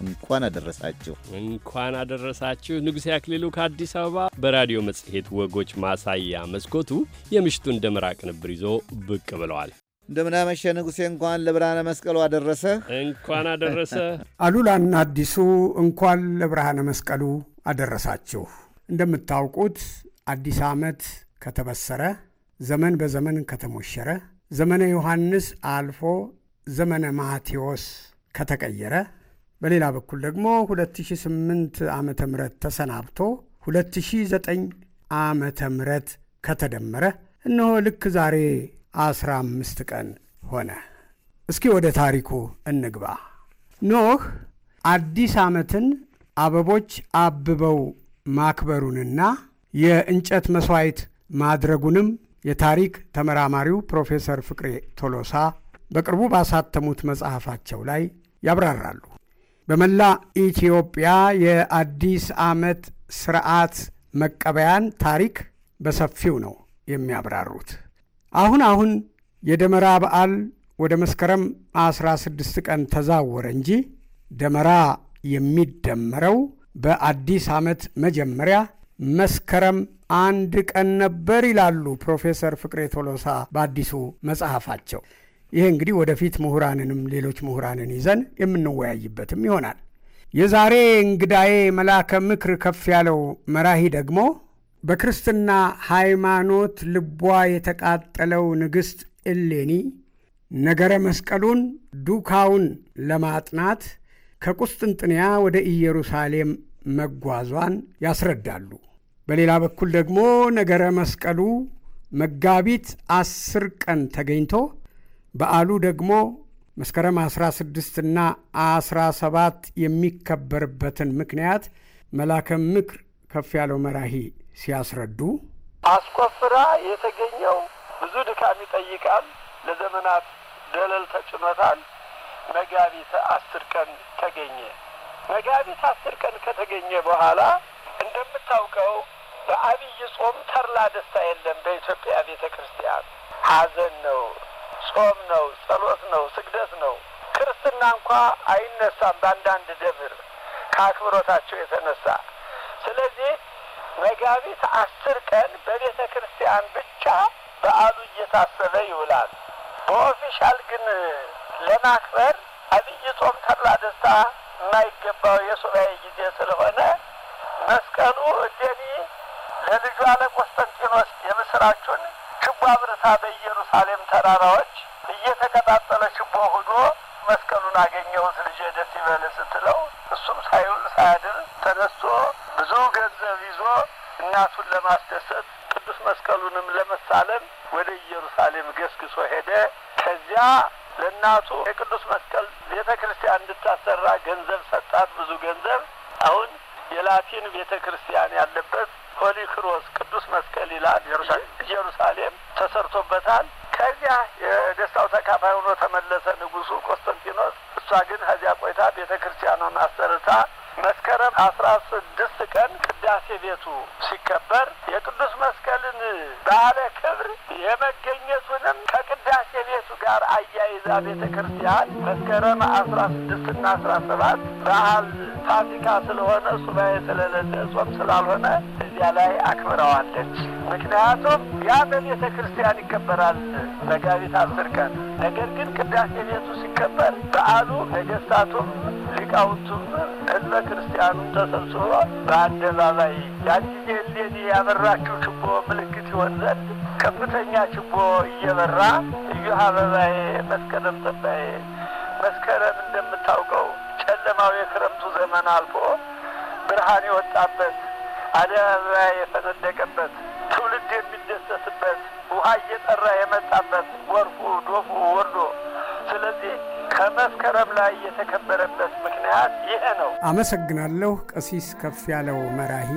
እንኳን አደረሳችሁ እንኳን አደረሳችሁ። ንጉሴ አክሊሉ ከአዲስ አበባ በራዲዮ መጽሔት ወጎች ማሳያ መስኮቱ የምሽቱን ደመራ ቅንብር ይዞ ብቅ ብለዋል። እንደምናመሸ ንጉሴ፣ እንኳን ለብርሃነ መስቀሉ አደረሰ። እንኳን አደረሰ <laughs> አሉላና አዲሱ። እንኳን ለብርሃነ መስቀሉ አደረሳችሁ። እንደምታውቁት አዲስ ዓመት ከተበሰረ ዘመን በዘመን ከተሞሸረ፣ ዘመነ ዮሐንስ አልፎ ዘመነ ማቴዎስ ከተቀየረ፣ በሌላ በኩል ደግሞ 2008 ዓ ም ተሰናብቶ 2009 ዓ ም ከተደመረ እነሆ ልክ ዛሬ 15 ቀን ሆነ። እስኪ ወደ ታሪኩ እንግባ። ኖህ አዲስ ዓመትን አበቦች አብበው ማክበሩንና የእንጨት መሥዋዕት ማድረጉንም የታሪክ ተመራማሪው ፕሮፌሰር ፍቅሬ ቶሎሳ በቅርቡ ባሳተሙት መጽሐፋቸው ላይ ያብራራሉ። በመላ ኢትዮጵያ የአዲስ ዓመት ስርዓት መቀበያን ታሪክ በሰፊው ነው የሚያብራሩት። አሁን አሁን የደመራ በዓል ወደ መስከረም 16 ቀን ተዛወረ እንጂ ደመራ የሚደመረው በአዲስ ዓመት መጀመሪያ መስከረም አንድ ቀን ነበር ይላሉ ፕሮፌሰር ፍቅሬ ቶሎሳ በአዲሱ መጽሐፋቸው። ይህ እንግዲህ ወደፊት ምሁራንንም ሌሎች ምሁራንን ይዘን የምንወያይበትም ይሆናል። የዛሬ እንግዳዬ መላከ ምክር ከፍ ያለው መራሂ ደግሞ በክርስትና ሃይማኖት ልቧ የተቃጠለው ንግሥት እሌኒ ነገረ መስቀሉን ዱካውን ለማጥናት ከቁስጥንጥንያ ወደ ኢየሩሳሌም መጓዟን ያስረዳሉ። በሌላ በኩል ደግሞ ነገረ መስቀሉ መጋቢት አስር ቀን ተገኝቶ በዓሉ ደግሞ መስከረም 16 እና 17 የሚከበርበትን ምክንያት መላከ ምክር ከፍ ያለው መራሂ ሲያስረዱ አስኮፍራ የተገኘው ብዙ ድካም ይጠይቃል። ለዘመናት ደለል ተጭኖታል። መጋቢት አስር ቀን ተገኘ። መጋቢት አስር ቀን ከተገኘ በኋላ እንደምታውቀው በአብይ ጾም ተርላ ደስታ የለም። በኢትዮጵያ ቤተ ክርስቲያን ሐዘን ነው፣ ጾም ነው፣ ጸሎት ነው፣ ስግደት ነው። ክርስትና እንኳ አይነሳም በአንዳንድ ደብር ከአክብሮታቸው የተነሳ ስለዚህ መጋቢት አስር ቀን በቤተ ክርስቲያን ብቻ በዓሉ እየታሰበ ይውላል። በኦፊሻል ግን ለማክበር አብይ ጾም ተርላ ደስታ የማይገባው የሱባኤ ጊዜ ስለሆነ መስቀሉ እሌኒ ለልጇ ለቆስጠንጢኖስ የምስራቹን ችቦ አብርታ በኢየሩሳሌም ተራራዎች እየተቀጣጠለ ችቦ ሁዶ መስቀሉን አገኘሁት ልጄ ደስ ይበል ስትለው እሱም ሳይውል ሳያድር ተነስቶ ብዙ ገንዘብ ይዞ እናቱን ለማስደሰት ቅዱስ መስቀሉንም ለመሳለም ወደ ኢየሩሳሌም ገስግሶ ሄደ። ከዚያ ለእናቱ የቅዱስ መስቀል ቤተ ክርስቲያን እንድታሰራ ገንዘብ ሰጣት። ብዙ ገንዘብ። አሁን የላቲን ቤተ ክርስቲያን ያለበት ፖሊክሮስ ቅዱስ መስቀል ይላል ኢየሩሳሌም ተሰርቶበታል። ከዚያ የደስታው ተካፋይ ሆኖ ተመለሰ ንጉሱ ቆስተንቲኖስ። እሷ ግን ከዚያ ቆይታ ቤተ ክርስቲያኗን አሰርታ መስከረም አስራ ስድስት ቀን ቅዳሴ ቤቱ ሲከበር የቅዱስ መስቀልን ባለ ክብር የመገኘቱንም ከቅዳሴ ቤቱ ጋር አያይዛ ቤተ ክርስቲያን መስከረም አስራ ስድስት እና አስራ ሰባት በዓል ፋሲካ ስለሆነ ሱባኤ ስለሌለ ጾም ስላልሆነ በዚያ ላይ አክብረዋለች። ምክንያቱም ያ በቤተ ክርስቲያን ይከበራል መጋቢት አስር ቀን። ነገር ግን ቅዳሴ ቤቱ ሲከበር በዓሉ ነገስታቱም ሊቃውንቱም ህዝበ ክርስቲያኑ ተሰብስቦ በአደባባይ ያን ጊዜ እሌኒ ያበራችው ችቦ ምልክት ይሆን ዘንድ ከፍተኛ ችቦ እየበራ እዩ አበባዬ መስከረም ጠባዬ መስከረም እንደምታውቀው ጨለማው የክረምቱ ዘመን አልፎ ብርሃን የወጣበት አደራ የፈነደቀበት ትውልድ የሚደሰስበት ውሃ እየጠራ የመጣበት ወርፉ ዶፉ ወርዶ ስለዚህ ከመስከረም ላይ የተከበረበት ምክንያት ይሄ ነው። አመሰግናለሁ ቀሲስ ከፍ ያለው መራሂ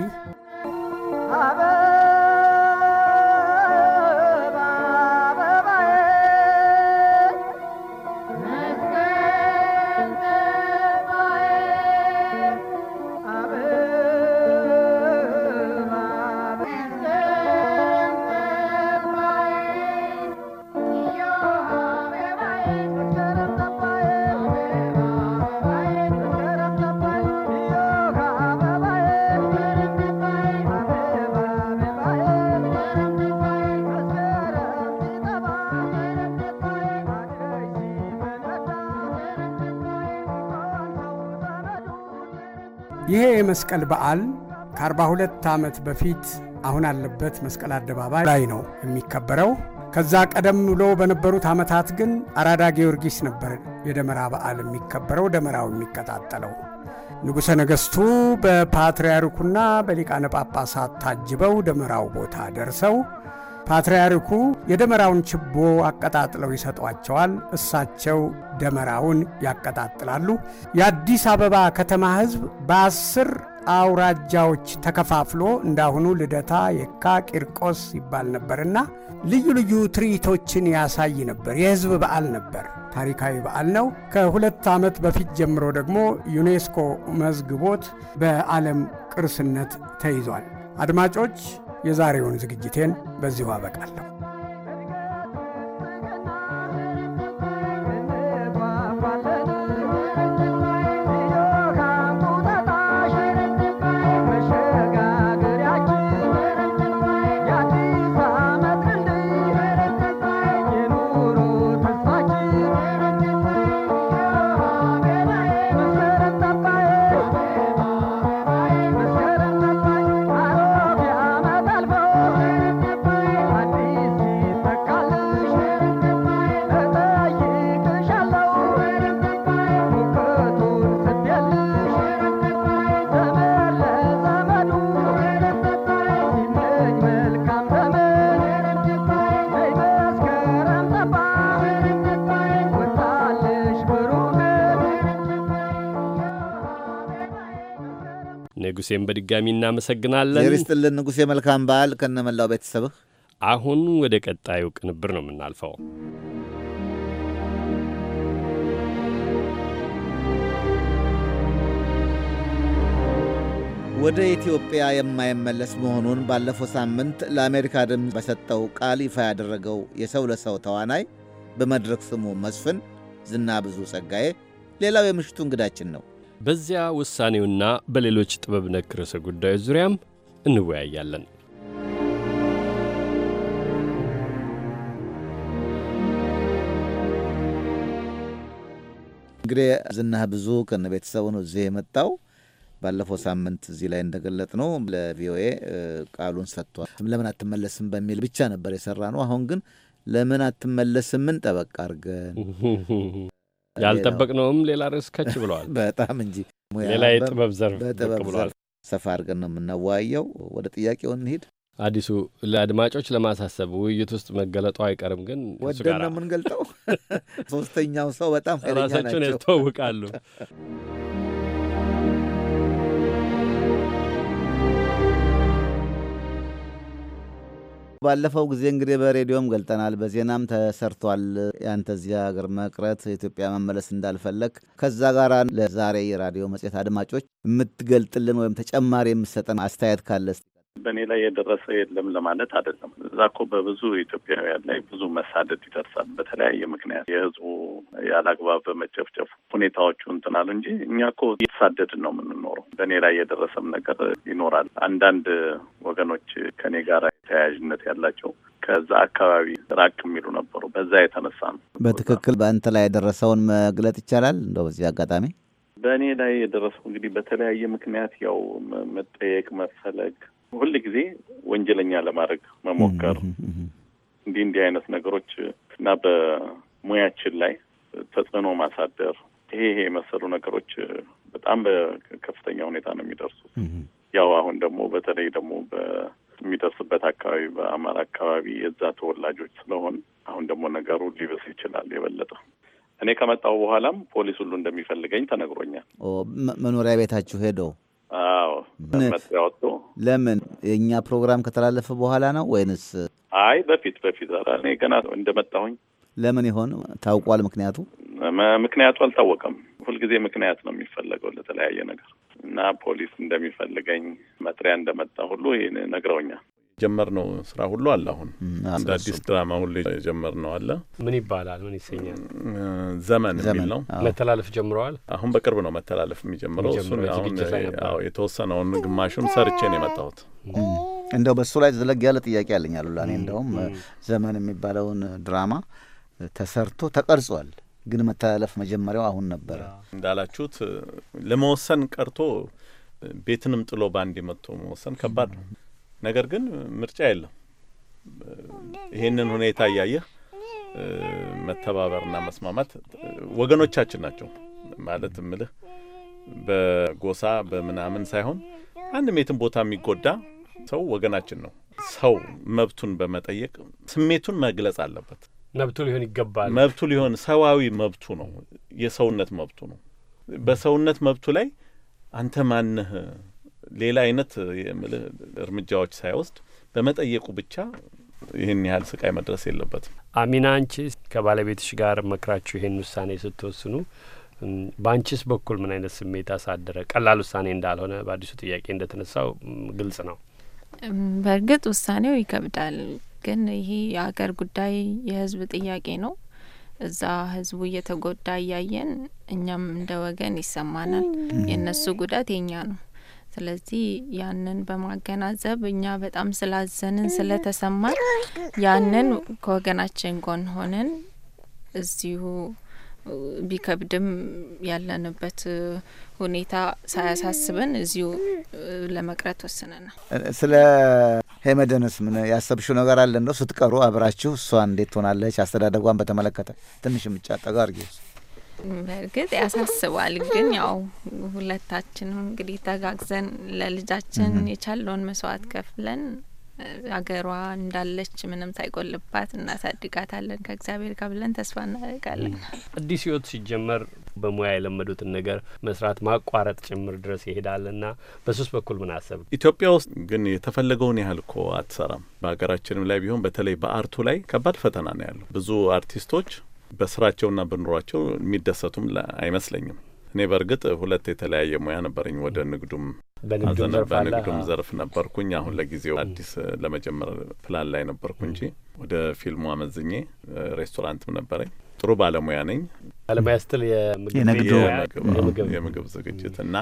የመስቀል በዓል ከ42 ዓመት በፊት አሁን አለበት መስቀል አደባባይ ላይ ነው የሚከበረው። ከዛ ቀደም ብሎ በነበሩት ዓመታት ግን አራዳ ጊዮርጊስ ነበር የደመራ በዓል የሚከበረው፣ ደመራው የሚቀጣጠለው። ንጉሠ ነገሥቱ በፓትርያርኩና በሊቃነ ጳጳሳት ታጅበው ደመራው ቦታ ደርሰው ፓትርያርኩ የደመራውን ችቦ አቀጣጥለው ይሰጧቸዋል። እሳቸው ደመራውን ያቀጣጥላሉ። የአዲስ አበባ ከተማ ሕዝብ በአስር አውራጃዎች ተከፋፍሎ እንዳሁኑ ልደታ፣ የካ፣ ቂርቆስ ይባል ነበርና ልዩ ልዩ ትርኢቶችን ያሳይ ነበር። የህዝብ በዓል ነበር፣ ታሪካዊ በዓል ነው። ከሁለት ዓመት በፊት ጀምሮ ደግሞ ዩኔስኮ መዝግቦት በዓለም ቅርስነት ተይዟል። አድማጮች የዛሬውን ዝግጅቴን በዚሁ አበቃለሁ። ንጉሴን በድጋሚ እናመሰግናለን። ዜርስጥልን ንጉሴ፣ መልካም በዓል ከነመላው ቤተሰብህ። አሁን ወደ ቀጣዩ ቅንብር ነው የምናልፈው። ወደ ኢትዮጵያ የማይመለስ መሆኑን ባለፈው ሳምንት ለአሜሪካ ድምፅ በሰጠው ቃል ይፋ ያደረገው የሰው ለሰው ተዋናይ በመድረክ ስሙ መስፍን ዝና ብዙ ጸጋዬ ሌላው የምሽቱ እንግዳችን ነው። በዚያ ውሳኔውና በሌሎች ጥበብ ነክ ርዕሰ ጉዳዮች ዙሪያም እንወያያለን። እንግዲህ ዝናህ ብዙ ከነ ቤተሰቡ ነው እዚህ የመጣው። ባለፈው ሳምንት እዚህ ላይ እንደገለጥ ነው ለቪኦኤ ቃሉን ሰጥቷል። ለምን አትመለስም በሚል ብቻ ነበር የሰራ ነው። አሁን ግን ለምን አትመለስምን ጠበቅ አድርገን ያልጠበቅነውም ሌላ ርዕስ ከች ብለዋል። <laughs> በጣም እንጂ ሌላ የጥበብ ዘርፍ በጥበብ ዘርፍ ሰፋ አድርገን ነው የምናወያየው። ወደ ጥያቄው እንሂድ። አዲሱ ለአድማጮች ለማሳሰብ ውይይት ውስጥ መገለጡ አይቀርም፣ ግን ወደን ነው የምንገልጠው። <laughs> ሶስተኛው ሰው በጣም ራሳቸውን ያስተዋውቃሉ። <laughs> ባለፈው ጊዜ እንግዲህ በሬዲዮም ገልጠናል፣ በዜናም ተሰርቷል። ያንተ እዚህ ሀገር መቅረት ኢትዮጵያ መመለስ እንዳልፈለግ ከዛ ጋር ለዛሬ የራዲዮ መጽሔት አድማጮች የምትገልጥልን ወይም ተጨማሪ የምትሰጠን አስተያየት ካለስ በእኔ ላይ የደረሰ የለም ለማለት አይደለም። እዛ እኮ በብዙ ኢትዮጵያውያን ላይ ብዙ መሳደድ ይደርሳል። በተለያየ ምክንያት የህዝቡ ያለአግባብ በመጨፍጨፉ ሁኔታዎቹ እንትናሉ እንጂ እኛ እኮ እየተሳደድን ነው የምንኖረው። በእኔ ላይ የደረሰም ነገር ይኖራል። አንዳንድ ወገኖች ከእኔ ጋር ተያያዥነት ያላቸው ከዛ አካባቢ ራቅ የሚሉ ነበሩ። በዛ የተነሳ ነው። በትክክል በአንተ ላይ የደረሰውን መግለጥ ይቻላል። እንደው በዚህ አጋጣሚ በእኔ ላይ የደረሰው እንግዲህ በተለያየ ምክንያት ያው መጠየቅ፣ መፈለግ ሁል ጊዜ ወንጀለኛ ለማድረግ መሞከር እንዲህ እንዲህ አይነት ነገሮች እና በሙያችን ላይ ተጽዕኖ ማሳደር ይሄ ይሄ የመሰሉ ነገሮች በጣም በከፍተኛ ሁኔታ ነው የሚደርሱት። ያው አሁን ደግሞ በተለይ ደግሞ በሚደርስበት አካባቢ በአማራ አካባቢ የዛ ተወላጆች ስለሆን አሁን ደግሞ ነገሩ ሊብስ ይችላል የበለጠ እኔ ከመጣው በኋላም ፖሊስ ሁሉ እንደሚፈልገኝ ተነግሮኛል። መኖሪያ ቤታችሁ ሄደው አዎ መጥሪያወጡ ለምን የእኛ ፕሮግራም ከተላለፈ በኋላ ነው ወይንስ? አይ በፊት በፊት ኧረ እኔ ገና እንደመጣሁኝ። ለምን ይሆን ታውቋል? ምክንያቱ ምክንያቱ አልታወቀም። ሁልጊዜ ምክንያት ነው የሚፈለገው ለተለያየ ነገር እና ፖሊስ እንደሚፈልገኝ መጥሪያ እንደመጣ ሁሉ ነግረውኛል። ነው ስራ ሁሉ አለ። አሁን እንደ አዲስ ድራማ ሁሉ ነው አለ። ምን ይባላል? ምን ይሰኛል? ዘመን የሚል ነው። መተላለፍ ጀምረዋል። አሁን በቅርብ ነው መተላለፍ የሚጀምረው። እሱን አሁን የተወሰነውን ግማሹን ሰርቼ ነው የመጣሁት። እንደው በእሱ ላይ ዘለግ ያለ ጥያቄ ያለኝ አሉላ። እኔ እንደውም ዘመን የሚባለውን ድራማ ተሰርቶ ተቀርጿል ግን መተላለፍ መጀመሪያው አሁን ነበረ። እንዳላችሁት ለመወሰን ቀርቶ ቤትንም ጥሎ በአንድ የመጥቶ መወሰን ከባድ ነው። ነገር ግን ምርጫ የለም። ይህንን ሁኔታ እያየህ መተባበርና መስማማት ወገኖቻችን ናቸው ማለት እምልህ በጎሳ በምናምን ሳይሆን አንድ ሜትን ቦታ የሚጎዳ ሰው ወገናችን ነው። ሰው መብቱን በመጠየቅ ስሜቱን መግለጽ አለበት። መብቱ ሊሆን ይገባል። መብቱ ሊሆን ሰዋዊ መብቱ ነው። የሰውነት መብቱ ነው። በሰውነት መብቱ ላይ አንተ ማንህ ሌላ አይነት እርምጃዎች ሳይወስድ በመጠየቁ ብቻ ይህን ያህል ስቃይ መድረስ የለበትም። አሚና፣ አንቺ ከባለቤትሽ ጋር መክራችሁ ይህን ውሳኔ ስትወስኑ በአንቺስ በኩል ምን አይነት ስሜት አሳደረ? ቀላል ውሳኔ እንዳልሆነ በአዲሱ ጥያቄ እንደተነሳው ግልጽ ነው። በእርግጥ ውሳኔው ይከብዳል፣ ግን ይሄ የአገር ጉዳይ የህዝብ ጥያቄ ነው። እዛ ህዝቡ እየተጎዳ እያየን እኛም እንደ ወገን ይሰማናል። የእነሱ ጉዳት የኛ ነው። ስለዚህ ያንን በማገናዘብ እኛ በጣም ስላዘንን ስለተሰማን ያንን ከወገናችን ጎን ሆነን እዚሁ ቢከብድም ያለንበት ሁኔታ ሳያሳስበን እዚሁ ለመቅረት ወስነናል። ስለ ሄመደንስ ምን ያሰብሽው ነገር አለ? እንደው ስትቀሩ አብራችሁ እሷ እንዴት ትሆናለች? አስተዳደጓን በተመለከተ ትንሽ ምጫ አርጌ በእርግጥ ያሳስባል። ግን ያው ሁለታችንም እንግዲህ ተጋግዘን ለልጃችን የቻለውን መስዋዕት ከፍለን ሀገሯ እንዳለች ምንም ሳይቆልባት እናሳድጋታለን ከእግዚአብሔር ጋር ብለን ተስፋ እናደርጋለን። አዲስ ህይወት ሲጀመር በሙያ የለመዱትን ነገር መስራት ማቋረጥ ጭምር ድረስ ይሄዳልና በሱስ በኩል ምን አሰብ። ኢትዮጵያ ውስጥ ግን የተፈለገውን ያህል እኮ አትሰራም። በሀገራችንም ላይ ቢሆን በተለይ በአርቱ ላይ ከባድ ፈተና ነው ያለው። ብዙ አርቲስቶች በስራቸውና በኑሯቸው የሚደሰቱም አይመስለኝም። እኔ በእርግጥ ሁለት የተለያየ ሙያ ነበረኝ። ወደ ንግዱም በንግዱም ዘርፍ ነበርኩኝ። አሁን ለጊዜው አዲስ ለመጀመር ፕላን ላይ ነበርኩ እንጂ ወደ ፊልሙ አመዝኜ ሬስቶራንትም ነበረኝ። ጥሩ ባለሙያ ነኝ። ባለሙያ ስትል የምግብ ዝግጅት እና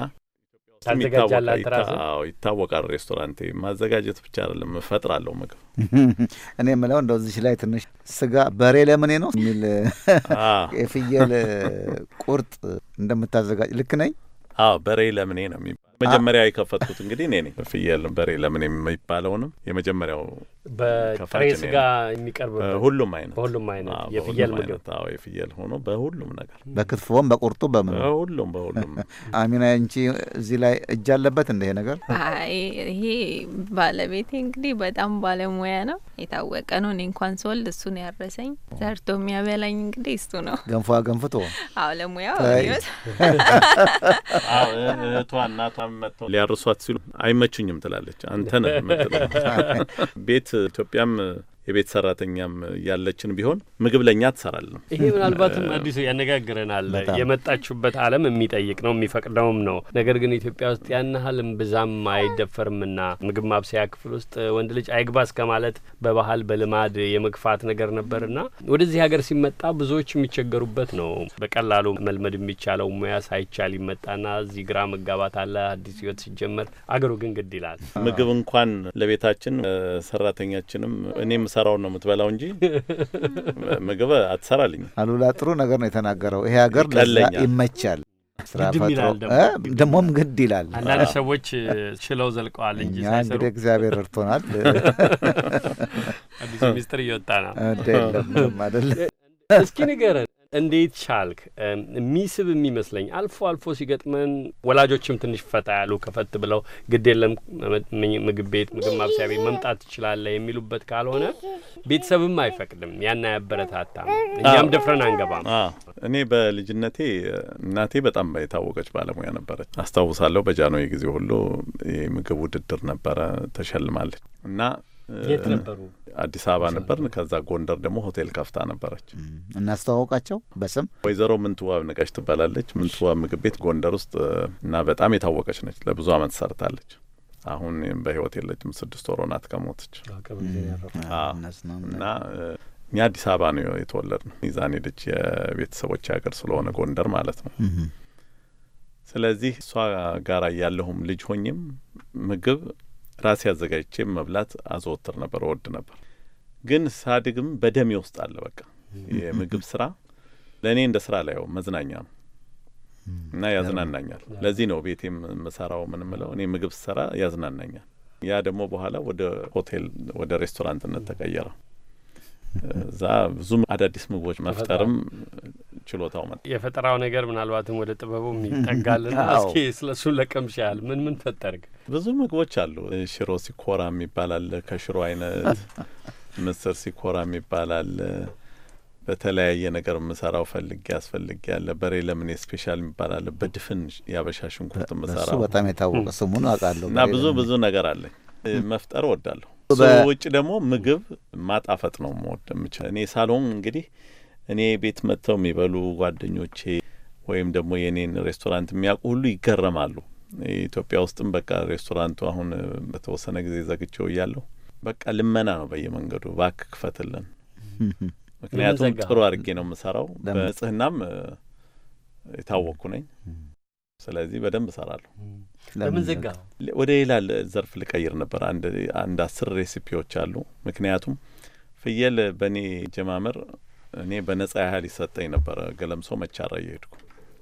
ታዘጋጃላት ራሱ ይታወቃል። ሬስቶራንት ማዘጋጀት ብቻ አይደለም እፈጥራለሁ ምግብ። <laughs> እኔ የምለው እንደዚህ ላይ ትንሽ ስጋ በሬ ለምኔ ነው የሚል <laughs> <laughs> የፍየል ቁርጥ እንደምታዘጋጅ ልክ ነኝ? አዎ በሬ ለምኔ ነው የሚባል መጀመሪያ የከፈትኩት እንግዲህ እኔ ነኝ። ፍየል በሬ ለምኔ የሚባለውንም የመጀመሪያው በጥሬ ስጋ የሚቀርብ ሁሉም አይነት በሁሉም አይነት የፍየል ምግብ የፍየል ሆኖ በሁሉም ነገር በክትፎም በቁርጡ በምን ሁሉም በሁሉም። <laughs> አሚና እንቺ እዚህ ላይ እጅ አለበት እንደ ይሄ ነገር ይሄ ባለቤቴ እንግዲህ በጣም ባለሙያ ነው፣ የታወቀ ነው። እኔ እንኳን ስወልድ እሱን ያረሰኝ። ዘርቶ የሚያበላኝ እንግዲህ እሱ ነው። ገንፎ ገንፍቶ አዎ፣ ለሙያው <laughs> እህቷ እናቷ መጥተው ሊያርሷት ሲሉ አይመቹኝም ትላለች። አንተ ነህ <laughs> ቤት ኢትዮጵያም የቤት ሰራተኛም ያለችን ቢሆን ምግብ ለእኛ ትሰራለን። ይሄ ምናልባትም አዲሱ ያነጋግረናል። የመጣችሁበት ዓለም የሚጠይቅ ነው የሚፈቅደውም ነው። ነገር ግን ኢትዮጵያ ውስጥ ያን ያህል እምብዛም አይደፈርምና ምግብ ማብሰያ ክፍል ውስጥ ወንድ ልጅ አይግባ እስከ ማለት በባህል በልማድ የመግፋት ነገር ነበርና ወደዚህ ሀገር ሲመጣ ብዙዎች የሚቸገሩበት ነው። በቀላሉ መልመድ የሚቻለው ሙያ ሳይቻል ይመጣና እዚህ ግራ መጋባት አለ። አዲስ ህይወት ሲጀመር አገሩ ግን ግድ ይላል። ምግብ እንኳን ለቤታችን ሰራተኛችንም እኔም የምትሰራውን ነው የምትበላው እንጂ <laughs> ምግብ አትሰራልኝ። አሉላ ጥሩ ነገር ነው የተናገረው። ይሄ ሀገር ይመቻል። ደግሞም ግድ ይላል። አንዳንድ ሰዎች ችለው ዘልቀዋል እንጂ እንግዲህ እግዚአብሔር እርቶናል። <laughs> አዲሱ ሚስጥር እየወጣ ነው። ምንም አደለ። <laughs> እስኪ ንገረን እንዴት ቻልክ? የሚስብ የሚመስለኝ አልፎ አልፎ ሲገጥመን ወላጆችም ትንሽ ፈታ ያሉ ከፈት ብለው ግድ የለም ምግብ ቤት ምግብ ማብሰያ ቤት መምጣት ትችላለህ የሚሉበት ካልሆነ ቤተሰብም አይፈቅድም፣ ያና ያበረታታም እኛም ደፍረን አንገባም። እኔ በልጅነቴ እናቴ በጣም የታወቀች ባለሙያ ነበረች። አስታውሳለሁ በጃኖ ጊዜ ሁሉ የምግብ ውድድር ነበረ፣ ተሸልማለች እና የት ነበሩ? አዲስ አበባ ነበርን። ከዛ ጎንደር ደግሞ ሆቴል ከፍታ ነበረች። እናስተዋውቃቸው በስም ወይዘሮ ምንትዋብ ንቀሽ ትባላለች። ምንትዋብ ምግብ ቤት ጎንደር ውስጥ እና በጣም የታወቀች ነች። ለብዙ አመት ሰርታለች። አሁን በህይወት የለችም። ስድስት ወር ናት ከሞተች እና እኛ አዲስ አበባ ነው የተወለድ ነው። ሚዛን ሄደች የቤተሰቦች ሀገር ስለሆነ ጎንደር ማለት ነው። ስለዚህ እሷ ጋራ ያለሁም ልጅ ሆኝም ምግብ ራሴ አዘጋጅቼ መብላት አዘወትር ነበር፣ ወድ ነበር። ግን ሳድግም በደሜ ውስጥ አለ። በቃ የምግብ ስራ ለእኔ እንደ ስራ ላየው መዝናኛ ነው እና ያዝናናኛል። ለዚህ ነው ቤቴ የምሰራው ምንምለው እኔ ምግብ ስሰራ ያዝናናኛል። ያ ደግሞ በኋላ ወደ ሆቴል ወደ ሬስቶራንትነት ተቀየረ። እዛ ብዙም አዳዲስ ምግቦች መፍጠርም ችሎታው መጣ። የፈጠራው ነገር ምናልባትም ወደ ጥበቡም ይጠጋልና <laughs> እስኪ ስለ እሱ ለቀምሻ ያህል ምን ምን ፈጠርግ? ብዙ ምግቦች አሉ። ሽሮ ሲኮራ የሚባላል ከሽሮ አይነት <laughs> ምስር ሲኮራ የሚባላል በተለያየ ነገር የምሰራው ፈልጌ አስፈልጌ ያለ በሬ ለምን ስፔሻል የሚባላለ በድፍን ያበሻ ሽንኩርት የምሰራው በጣም የታወቀ ስሙን አውቃለሁ እና ብዙ ብዙ ነገር አለኝ መፍጠር እወዳለሁ። ውጭ ደግሞ ምግብ ማጣፈጥ ነው የምወድ። እኔ ሳሎን እንግዲህ እኔ ቤት መጥተው የሚበሉ ጓደኞቼ ወይም ደግሞ የእኔን ሬስቶራንት የሚያውቁ ሁሉ ይገረማሉ። ኢትዮጵያ ውስጥም በቃ ሬስቶራንቱ አሁን በተወሰነ ጊዜ ዘግቼው እያለሁ በቃ ልመና ነው በየመንገዱ ባክ ክፈትልን። <laughs> ምክንያቱም ጥሩ አድርጌ ነው የምሰራው፣ በንጽህናም የታወቅኩ ነኝ። ስለዚህ በደንብ እሰራለሁ። ለምን ዘጋ? ወደ ሌላ ዘርፍ ልቀይር ነበር። አንድ አንድ አስር ሬሲፒዎች አሉ። ምክንያቱም ፍየል በእኔ ጀማመር እኔ በነጻ ያህል ይሰጠኝ ነበረ። ገለምሶ መቻራ እየሄድኩ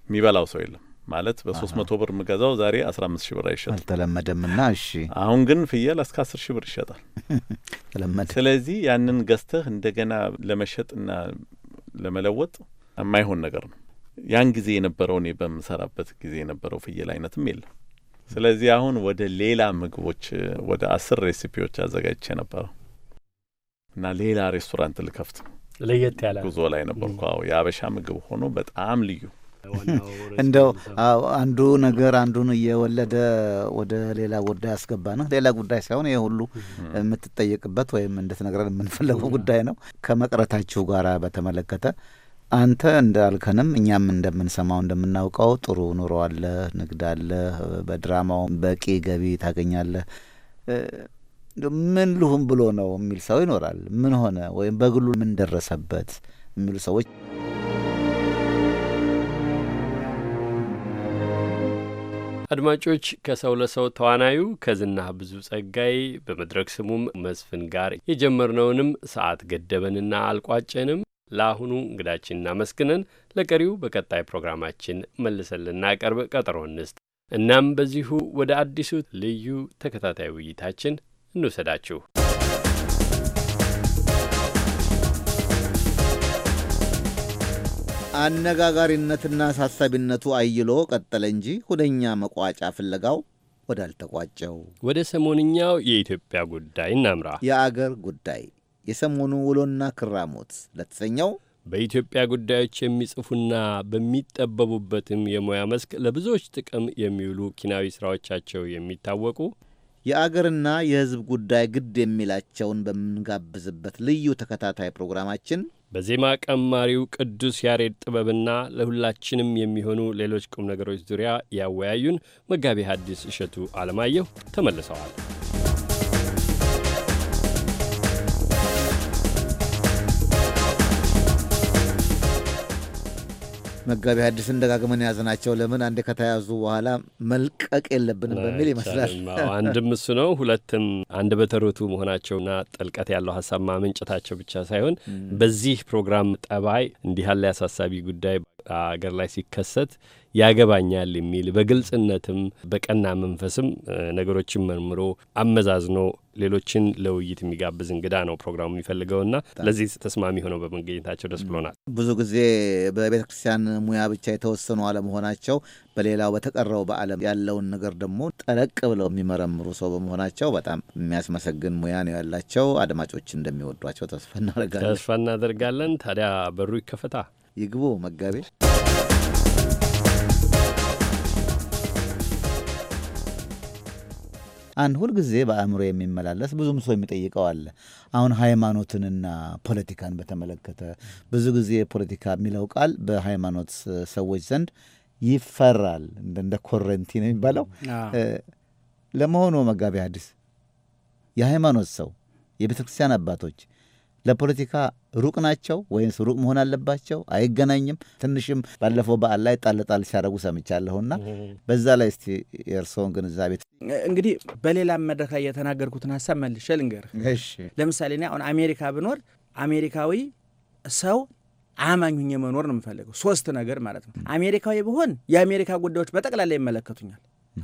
የሚበላው ሰው የለም ማለት በሶስት መቶ ብር የምገዛው ዛሬ አስራ አምስት ሺ ብር አይሸጥም፣ አልተለመደምና። እሺ አሁን ግን ፍየል እስከ አስር ሺ ብር ይሸጣል፣ <laughs> ተለመደ። ስለዚህ ያንን ገዝተህ እንደገና ለመሸጥና ለመለወጥ የማይሆን ነገር ነው። ያን ጊዜ የነበረው እኔ በምሰራበት ጊዜ የነበረው ፍየል አይነትም የለም። ስለዚህ አሁን ወደ ሌላ ምግቦች ወደ አስር ሬሲፒዎች አዘጋጅቼ ነበረው እና ሌላ ሬስቶራንት ልከፍት ነው ለየት ያለ ጉዞ ላይ ነበርኩ። አዎ የአበሻ ምግብ ሆኖ በጣም ልዩ <laughs> እንደው አንዱ ነገር አንዱን እየወለደ ወደ ሌላ ጉዳይ አስገባ ነው። ሌላ ጉዳይ ሳይሆን ይህ ሁሉ የምትጠየቅበት ወይም እንድትነግረን የምንፈለገው ጉዳይ ነው። ከመቅረታችሁ ጋር በተመለከተ አንተ እንዳልከንም እኛም እንደምንሰማው እንደምናውቀው ጥሩ ኑሮ አለ፣ ንግድ አለ፣ በድራማው በቂ ገቢ ታገኛለህ። ምን ልሁም ብሎ ነው የሚል ሰው ይኖራል። ምን ሆነ ወይም በግሉ ምን ደረሰበት የሚሉ ሰዎች አድማጮች ከሰው ለሰው ተዋናዩ ከዝና ብዙ ጸጋይ በመድረክ ስሙም መስፍን ጋር የጀመርነውንም ሰዓት ገደበንና አልቋጨንም። ለአሁኑ እንግዳችን እናመስግነን፣ ለቀሪው በቀጣይ ፕሮግራማችን መልሰን ልናቀርብ ቀጠሮ እንስጥ። እናም በዚሁ ወደ አዲሱ ልዩ ተከታታይ ውይይታችን እንውሰዳችሁ። አነጋጋሪነትና አሳሳቢነቱ አይሎ ቀጠለ እንጂ ሁነኛ መቋጫ ፍለጋው ወዳልተቋጨው ወደ ሰሞንኛው የኢትዮጵያ ጉዳይ እናምራ። የአገር ጉዳይ የሰሞኑ ውሎና ክራሞት ለተሰኘው በኢትዮጵያ ጉዳዮች የሚጽፉና በሚጠበቡበትም የሙያ መስክ ለብዙዎች ጥቅም የሚውሉ ኪናዊ ስራዎቻቸው የሚታወቁ የአገርና የሕዝብ ጉዳይ ግድ የሚላቸውን በምንጋብዝበት ልዩ ተከታታይ ፕሮግራማችን በዜማ ቀማሪው ቅዱስ ያሬድ ጥበብና ለሁላችንም የሚሆኑ ሌሎች ቁም ነገሮች ዙሪያ ያወያዩን መጋቢ ሐዲስ እሸቱ አለማየሁ ተመልሰዋል። መጋቢ አዲስ ደጋግመን የያዝናቸው ለምን አንድ ከተያዙ በኋላ መልቀቅ የለብንም በሚል ይመስላል። አንድም እሱ ነው፣ ሁለትም አንድ በተሮቱ መሆናቸውና ጥልቀት ያለው ሀሳብ ማመንጨታቸው ብቻ ሳይሆን በዚህ ፕሮግራም ጠባይ እንዲህ ያለ አሳሳቢ ጉዳይ አገር ላይ ሲከሰት ያገባኛል የሚል በግልጽነትም በቀና መንፈስም ነገሮችን መርምሮ አመዛዝኖ ሌሎችን ለውይይት የሚጋብዝ እንግዳ ነው ፕሮግራሙ የሚፈልገውና ለዚህ ተስማሚ ሆነው በመገኘታቸው ደስ ብሎናል። ብዙ ጊዜ በቤተ ክርስቲያን ሙያ ብቻ የተወሰኑ አለመሆናቸው በሌላው በተቀረው በዓለም ያለውን ነገር ደግሞ ጠለቅ ብለው የሚመረምሩ ሰው በመሆናቸው በጣም የሚያስመሰግን ሙያ ነው ያላቸው። አድማጮች እንደሚወዷቸው ተስፋ እናደርጋለን ተስፋ እናደርጋለን። ታዲያ በሩ ይከፈታ። ይግቡ መጋቤ። አንድ ሁልጊዜ በአእምሮ የሚመላለስ ብዙም ሰው የሚጠይቀው አለ። አሁን ሃይማኖትንና ፖለቲካን በተመለከተ ብዙ ጊዜ ፖለቲካ የሚለው ቃል በሃይማኖት ሰዎች ዘንድ ይፈራል፣ እንደ ኮረንቲ ነው የሚባለው። ለመሆኑ መጋቤ ሐዲስ የሃይማኖት ሰው የቤተ ክርስቲያን አባቶች ለፖለቲካ ሩቅ ናቸው ወይስ ሩቅ መሆን አለባቸው? አይገናኝም? ትንሽም ባለፈው በዓል ላይ ጣልጣል ሲያደርጉ ሰምቻለሁና በዛ ላይ እስቲ የእርስዎን ግንዛቤ። እንግዲህ በሌላ መድረክ ላይ የተናገርኩትን ሀሳብ መልሼ ልንገርህ። ለምሳሌ እኔ አሁን አሜሪካ ብኖር አሜሪካዊ ሰው አማኙኝ መኖር ነው የምፈልገው። ሶስት ነገር ማለት ነው። አሜሪካዊ ብሆን የአሜሪካ ጉዳዮች በጠቅላላ ይመለከቱኛል።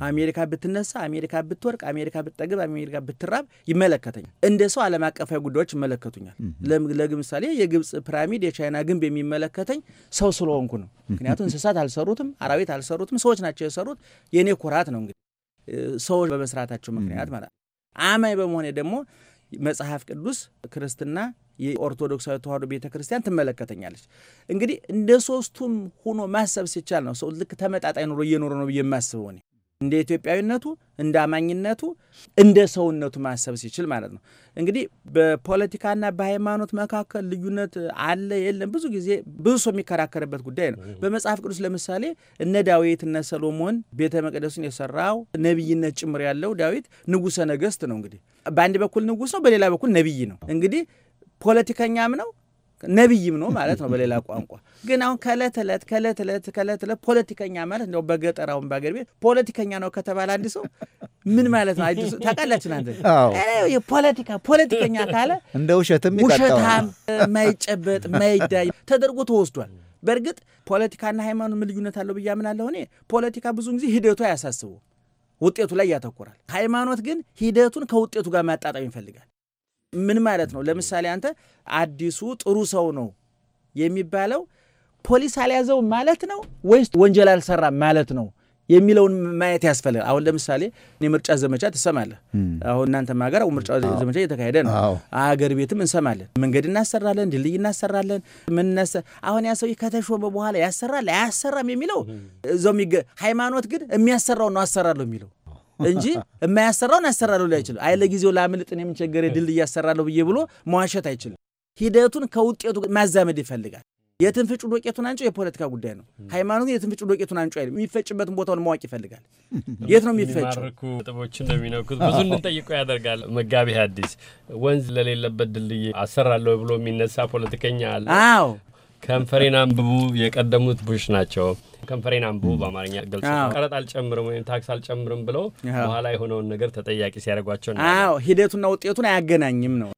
አሜሪካ ብትነሳ፣ አሜሪካ ብትወርቅ፣ አሜሪካ ብትጠግብ፣ አሜሪካ ብትራብ ይመለከተኛል። እንደ ሰው ዓለም አቀፋዊ ጉዳዮች ይመለከቱኛል። ለምሳሌ የግብፅ ፒራሚድ፣ የቻይና ግንብ የሚመለከተኝ ሰው ስለሆንኩ ነው። ምክንያቱም እንስሳት አልሰሩትም፣ አራዊት አልሰሩትም፣ ሰዎች ናቸው የሰሩት። የእኔ ኩራት ነው እንግዲህ ሰዎች በመስራታቸው ምክንያት ማለት አማኝ በመሆኔ ደግሞ መጽሐፍ ቅዱስ ክርስትና የኦርቶዶክሳዊ ተዋህዶ ቤተ ክርስቲያን ትመለከተኛለች። እንግዲህ እንደ ሶስቱም ሆኖ ማሰብ ሲቻል ነው ሰው ልክ ተመጣጣኝ ኑሮ እየኖረ ነው ብዬ የማስበው እኔ እንደ ኢትዮጵያዊነቱ እንደ አማኝነቱ እንደ ሰውነቱ ማሰብ ሲችል ማለት ነው። እንግዲህ በፖለቲካና በሃይማኖት መካከል ልዩነት አለ የለም ብዙ ጊዜ ብዙ ሰው የሚከራከርበት ጉዳይ ነው። በመጽሐፍ ቅዱስ ለምሳሌ እነ ዳዊት እነ ሰሎሞን ቤተ መቅደሱን የሰራው ነቢይነት ጭምር ያለው ዳዊት ንጉሰ ነገስት ነው። እንግዲህ በአንድ በኩል ንጉስ ነው፣ በሌላ በኩል ነቢይ ነው። እንግዲህ ፖለቲከኛም ነው ነቢይም ነው ማለት ነው በሌላ ቋንቋ። ግን አሁን ከእለት እለት ከእለት እለት ከእለት እለት ፖለቲከኛ ማለት እንደው በገጠራውን በአገር ቤት ፖለቲከኛ ነው ከተባለ አንድ ሰው ምን ማለት ነው? አዲሱ ታውቃላችን አንተ የፖለቲካ ፖለቲከኛ ካለ እንደ ውሸትም ውሸታም፣ ማይጨበጥ ማይዳይ ተደርጎ ተወስዷል። በእርግጥ ፖለቲካና ሃይማኖት ምን ልዩነት አለው ብዬ አምናለሁ እኔ። ፖለቲካ ብዙውን ጊዜ ሂደቱ አያሳስቡ ውጤቱ ላይ ያተኮራል። ሃይማኖት ግን ሂደቱን ከውጤቱ ጋር ማጣጣም ይፈልጋል። ምን ማለት ነው? ለምሳሌ አንተ አዲሱ ጥሩ ሰው ነው የሚባለው ፖሊስ አልያዘው ማለት ነው ወይስ ወንጀል አልሰራ ማለት ነው የሚለውን ማየት ያስፈልጋል። አሁን ለምሳሌ የምርጫ ዘመቻ ትሰማለህ። አሁን እናንተ ሀገር ምርጫ ዘመቻ እየተካሄደ ነው። አገር ቤትም እንሰማለን። መንገድ እናሰራለን፣ ድልድይ እናሰራለን። ምንነሰ አሁን ያ ሰውዬ ከተሾመ በኋላ ያሰራል አያሰራም የሚለው እዛው ሃይማኖት ግን የሚያሰራው ነው አሰራለሁ የሚለው እንጂ የማያሰራውን ያሰራለሁ ላይ አይችልም። አይ ለጊዜው ላምልጥን የምንቸገር ድል እያሰራለሁ ብዬ ብሎ መዋሸት አይችልም። ሂደቱን ከውጤቱ ማዛመድ ይፈልጋል። የትንፍጩ ዶቄቱን አንጮ የፖለቲካ ጉዳይ ነው። ሃይማኖት ግን የትንፍጩ ዶቄቱን አንጮ አይልም። የሚፈጭበትን ቦታውን ማወቅ ይፈልጋል። የት ነው የሚፈጭው? ጥቦች እንደሚነኩት ብዙ እንድንጠይቆ ያደርጋል። መጋቢ አዲስ ወንዝ ለሌለበት ድልድይ አሰራለሁ ብሎ የሚነሳ ፖለቲከኛ አለ። አዎ ከንፈሬን አንብቡ የቀደሙት ቡሽ ናቸው። ከንፈሬን አንብቦ በአማርኛ ገልጾ ቀረጥ አልጨምርም ወይም ታክስ አልጨምርም ብለው በኋላ የሆነውን ነገር ተጠያቂ ሲያደርጓቸው ነው። ሂደቱና ውጤቱን አያገናኝም ነው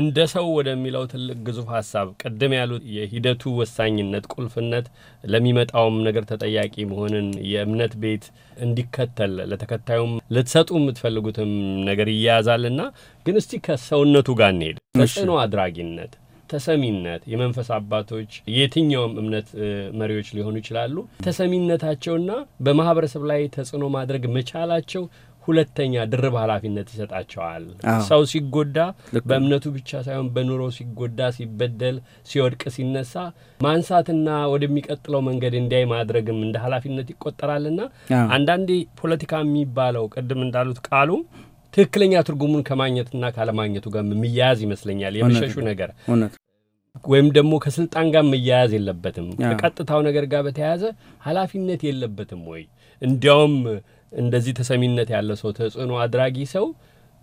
እንደ ሰው ወደሚለው ትልቅ ግዙፍ ሀሳብ ቅድም ያሉት የሂደቱ ወሳኝነት ቁልፍነት ለሚመጣውም ነገር ተጠያቂ መሆንን የእምነት ቤት እንዲከተል ለተከታዩም ልትሰጡ የምትፈልጉትም ነገር ይያያዛልና፣ ግን እስቲ ከሰውነቱ ጋር እንሄድ። ተጽዕኖ አድራጊነት ተሰሚነት የመንፈስ አባቶች የትኛውም እምነት መሪዎች ሊሆኑ ይችላሉ። ተሰሚነታቸውና በማህበረሰብ ላይ ተጽዕኖ ማድረግ መቻላቸው ሁለተኛ ድርብ ኃላፊነት ይሰጣቸዋል። ሰው ሲጎዳ በእምነቱ ብቻ ሳይሆን በኑሮ ሲጎዳ፣ ሲበደል፣ ሲወድቅ፣ ሲነሳ ማንሳትና ወደሚቀጥለው መንገድ እንዲያይ ማድረግም እንደ ኃላፊነት ይቆጠራልና አንዳንዴ ፖለቲካ የሚባለው ቅድም እንዳሉት ቃሉ ትክክለኛ ትርጉሙን ከማግኘትና ካለማግኘቱ ጋር የሚያያዝ ይመስለኛል። የመሸሹ ነገር ወይም ደግሞ ከስልጣን ጋር መያያዝ የለበትም። ከቀጥታው ነገር ጋር በተያያዘ ኃላፊነት የለበትም ወይ? እንዲያውም እንደዚህ ተሰሚነት ያለ ሰው ተጽዕኖ አድራጊ ሰው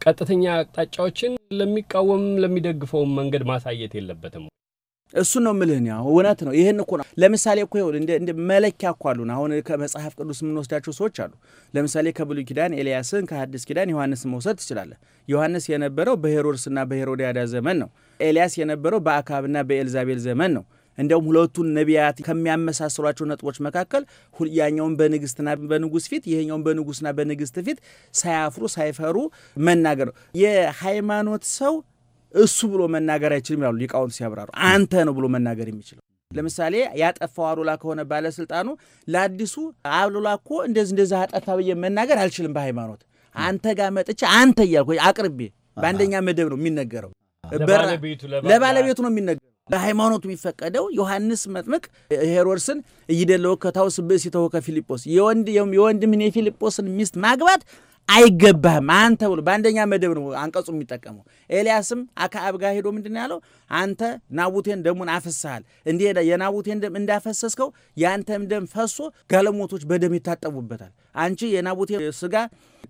ቀጥተኛ አቅጣጫዎችን ለሚቃወም ለሚደግፈውም መንገድ ማሳየት የለበትም። እሱን ነው የምልህ። እኔ እውነት ነው ይህን እኮ ነው። ለምሳሌ እኮ እንደ መለኪያ እኮ አሉን። አሁን ከመጽሐፍ ቅዱስ የምንወስዳቸው ሰዎች አሉ። ለምሳሌ ከብሉይ ኪዳን ኤልያስን፣ ከሐዲስ ኪዳን ዮሐንስን መውሰድ ትችላለህ። ዮሐንስ የነበረው በሄሮድስና በሄሮዲያዳ ዘመን ነው። ኤልያስ የነበረው በአካብና በኤልዛቤል ዘመን ነው። እንደውም ሁለቱን ነቢያት ከሚያመሳስሏቸው ነጥቦች መካከል ያኛውን በንግስትና በንጉስ ፊት ይሄኛውን በንጉስና በንግስት ፊት ሳያፍሩ ሳይፈሩ መናገር ነው። የሃይማኖት ሰው እሱ ብሎ መናገር አይችልም ይላሉ ሊቃውንት ሲያብራሩ። አንተ ነው ብሎ መናገር የሚችለው ለምሳሌ ያጠፋው አሉላ ከሆነ ባለስልጣኑ ለአዲሱ አሉላ እኮ እንደዚህ እንደዚህ አጠፋ ብዬ መናገር አልችልም። በሃይማኖት አንተ ጋር መጥቼ አንተ እያልኩ አቅርቤ በአንደኛ መደብ ነው የሚነገረው፣ ለባለቤቱ ነው የሚነገረው። በሃይማኖቱ የሚፈቀደው ዮሐንስ መጥምቅ ሄሮድስን እይደለወከታው ስብእሲተወከ ፊልጶስ የወንድምን የፊልጶስን ሚስት ማግባት አይገባህም አንተ ብሎ በአንደኛ መደብ ነው አንቀጹ የሚጠቀመው። ኤልያስም አክዓብ ጋር ሄዶ ምንድን ያለው አንተ ናቡቴን ደሙን አፍስሃል፣ እንዲህ የናቡቴን ደም እንዳፈሰስከው የአንተም ደም ፈሶ ጋለሞቶች በደም ይታጠቡበታል። አንቺ የናቡቴን ስጋ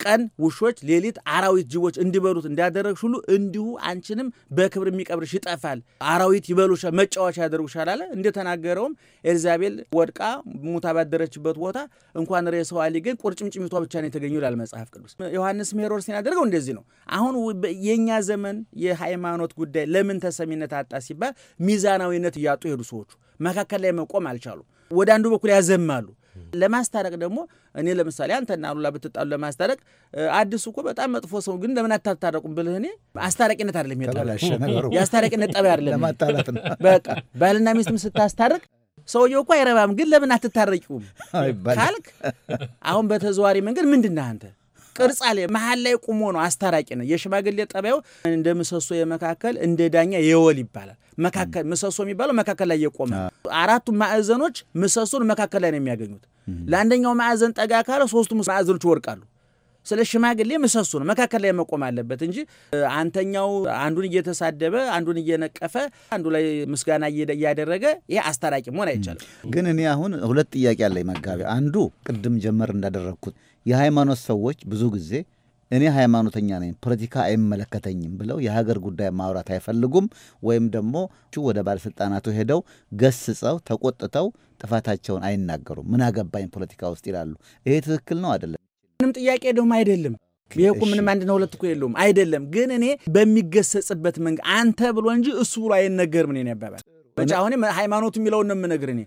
ቀን ውሾች፣ ሌሊት አራዊት፣ ጅቦች እንዲበሉት እንዳደረግሽ ሁሉ እንዲሁ አንቺንም በክብር የሚቀብርሽ ይጠፋል፣ አራዊት ይበሉሻል፣ መጫወቻ ያደርጉሻል አለ። እንደተናገረውም ኤልዛቤል ወድቃ ሙታ ባደረችበት ቦታ እንኳን ሬሳዋ ግን ቁርጭምጭሚቷ ብቻ ነው የተገኙ ይላል መጽሐፍ ቅዱስ። ዮሐንስ ሜሮር ሲናደርገው እንደዚህ ነው። አሁን የእኛ ዘመን የሃይማኖት ጉዳይ ለምን ተሰሚነት አጣ ሲባል ሚዛናዊነት እያጡ ሄዱ። ሰዎቹ መካከል ላይ መቆም አልቻሉ። ወደ አንዱ በኩል ያዘማሉ ለማስታረቅ ደግሞ እኔ ለምሳሌ አንተና አሉላ ብትጣሉ ለማስታረቅ አዲሱ እኮ በጣም መጥፎ ሰው ግን ለምን አታታረቁም ብልህ እኔ አስታራቂነት አይደለም የጣለው ጠባይ አይደለም። በቃ ባልና ሚስትም ስታስታርቅ ሰውየው እኮ አይረባም ግን ለምን አትታረቂውም ካልክ አሁን በተዘዋሪ መንገድ ምንድን ነህ አንተ ቅርጽ አለ መሀል ላይ ቁሞ ነው አስታራቂ ነው። የሽማግሌ ጠባዩ እንደ ምሰሶ የመካከል እንደ ዳኛ የወል ይባላል። መካከል ምሰሶ የሚባለው መካከል ላይ የቆመ አራቱ ማዕዘኖች ምሰሶን መካከል ላይ ነው የሚያገኙት። ለአንደኛው ማዕዘን ጠጋ ካለ ሶስቱ ማዕዘኖች ይወድቃሉ። ስለ ሽማግሌ ምሰሶ ነው፣ መካከል ላይ መቆም አለበት እንጂ አንተኛው አንዱን እየተሳደበ አንዱን እየነቀፈ አንዱ ላይ ምስጋና እያደረገ ይሄ አስታራቂ መሆን አይቻልም። ግን እኔ አሁን ሁለት ጥያቄ አለኝ መጋቢ። አንዱ ቅድም ጀመር እንዳደረግኩት የሃይማኖት ሰዎች ብዙ ጊዜ እኔ ሃይማኖተኛ ነኝ፣ ፖለቲካ አይመለከተኝም ብለው የሀገር ጉዳይ ማውራት አይፈልጉም። ወይም ደግሞ ወደ ባለሥልጣናቱ ሄደው ገስጸው ተቆጥተው ጥፋታቸውን አይናገሩም። ምን አገባኝ ፖለቲካ ውስጥ ይላሉ። ይሄ ትክክል ነው አይደለም? ምንም ጥያቄ ደሁም አይደለም ይሄ እኮ ምንም አንድ ነው ሁለት እኮ የለውም። አይደለም ግን እኔ በሚገሰጽበት መንገድ አንተ ብሎ እንጂ እሱ ብሎ አይነገርም። እኔ ያባባል ብቻ አሁን ሃይማኖት የሚለውን ነው የምነግር እኔ።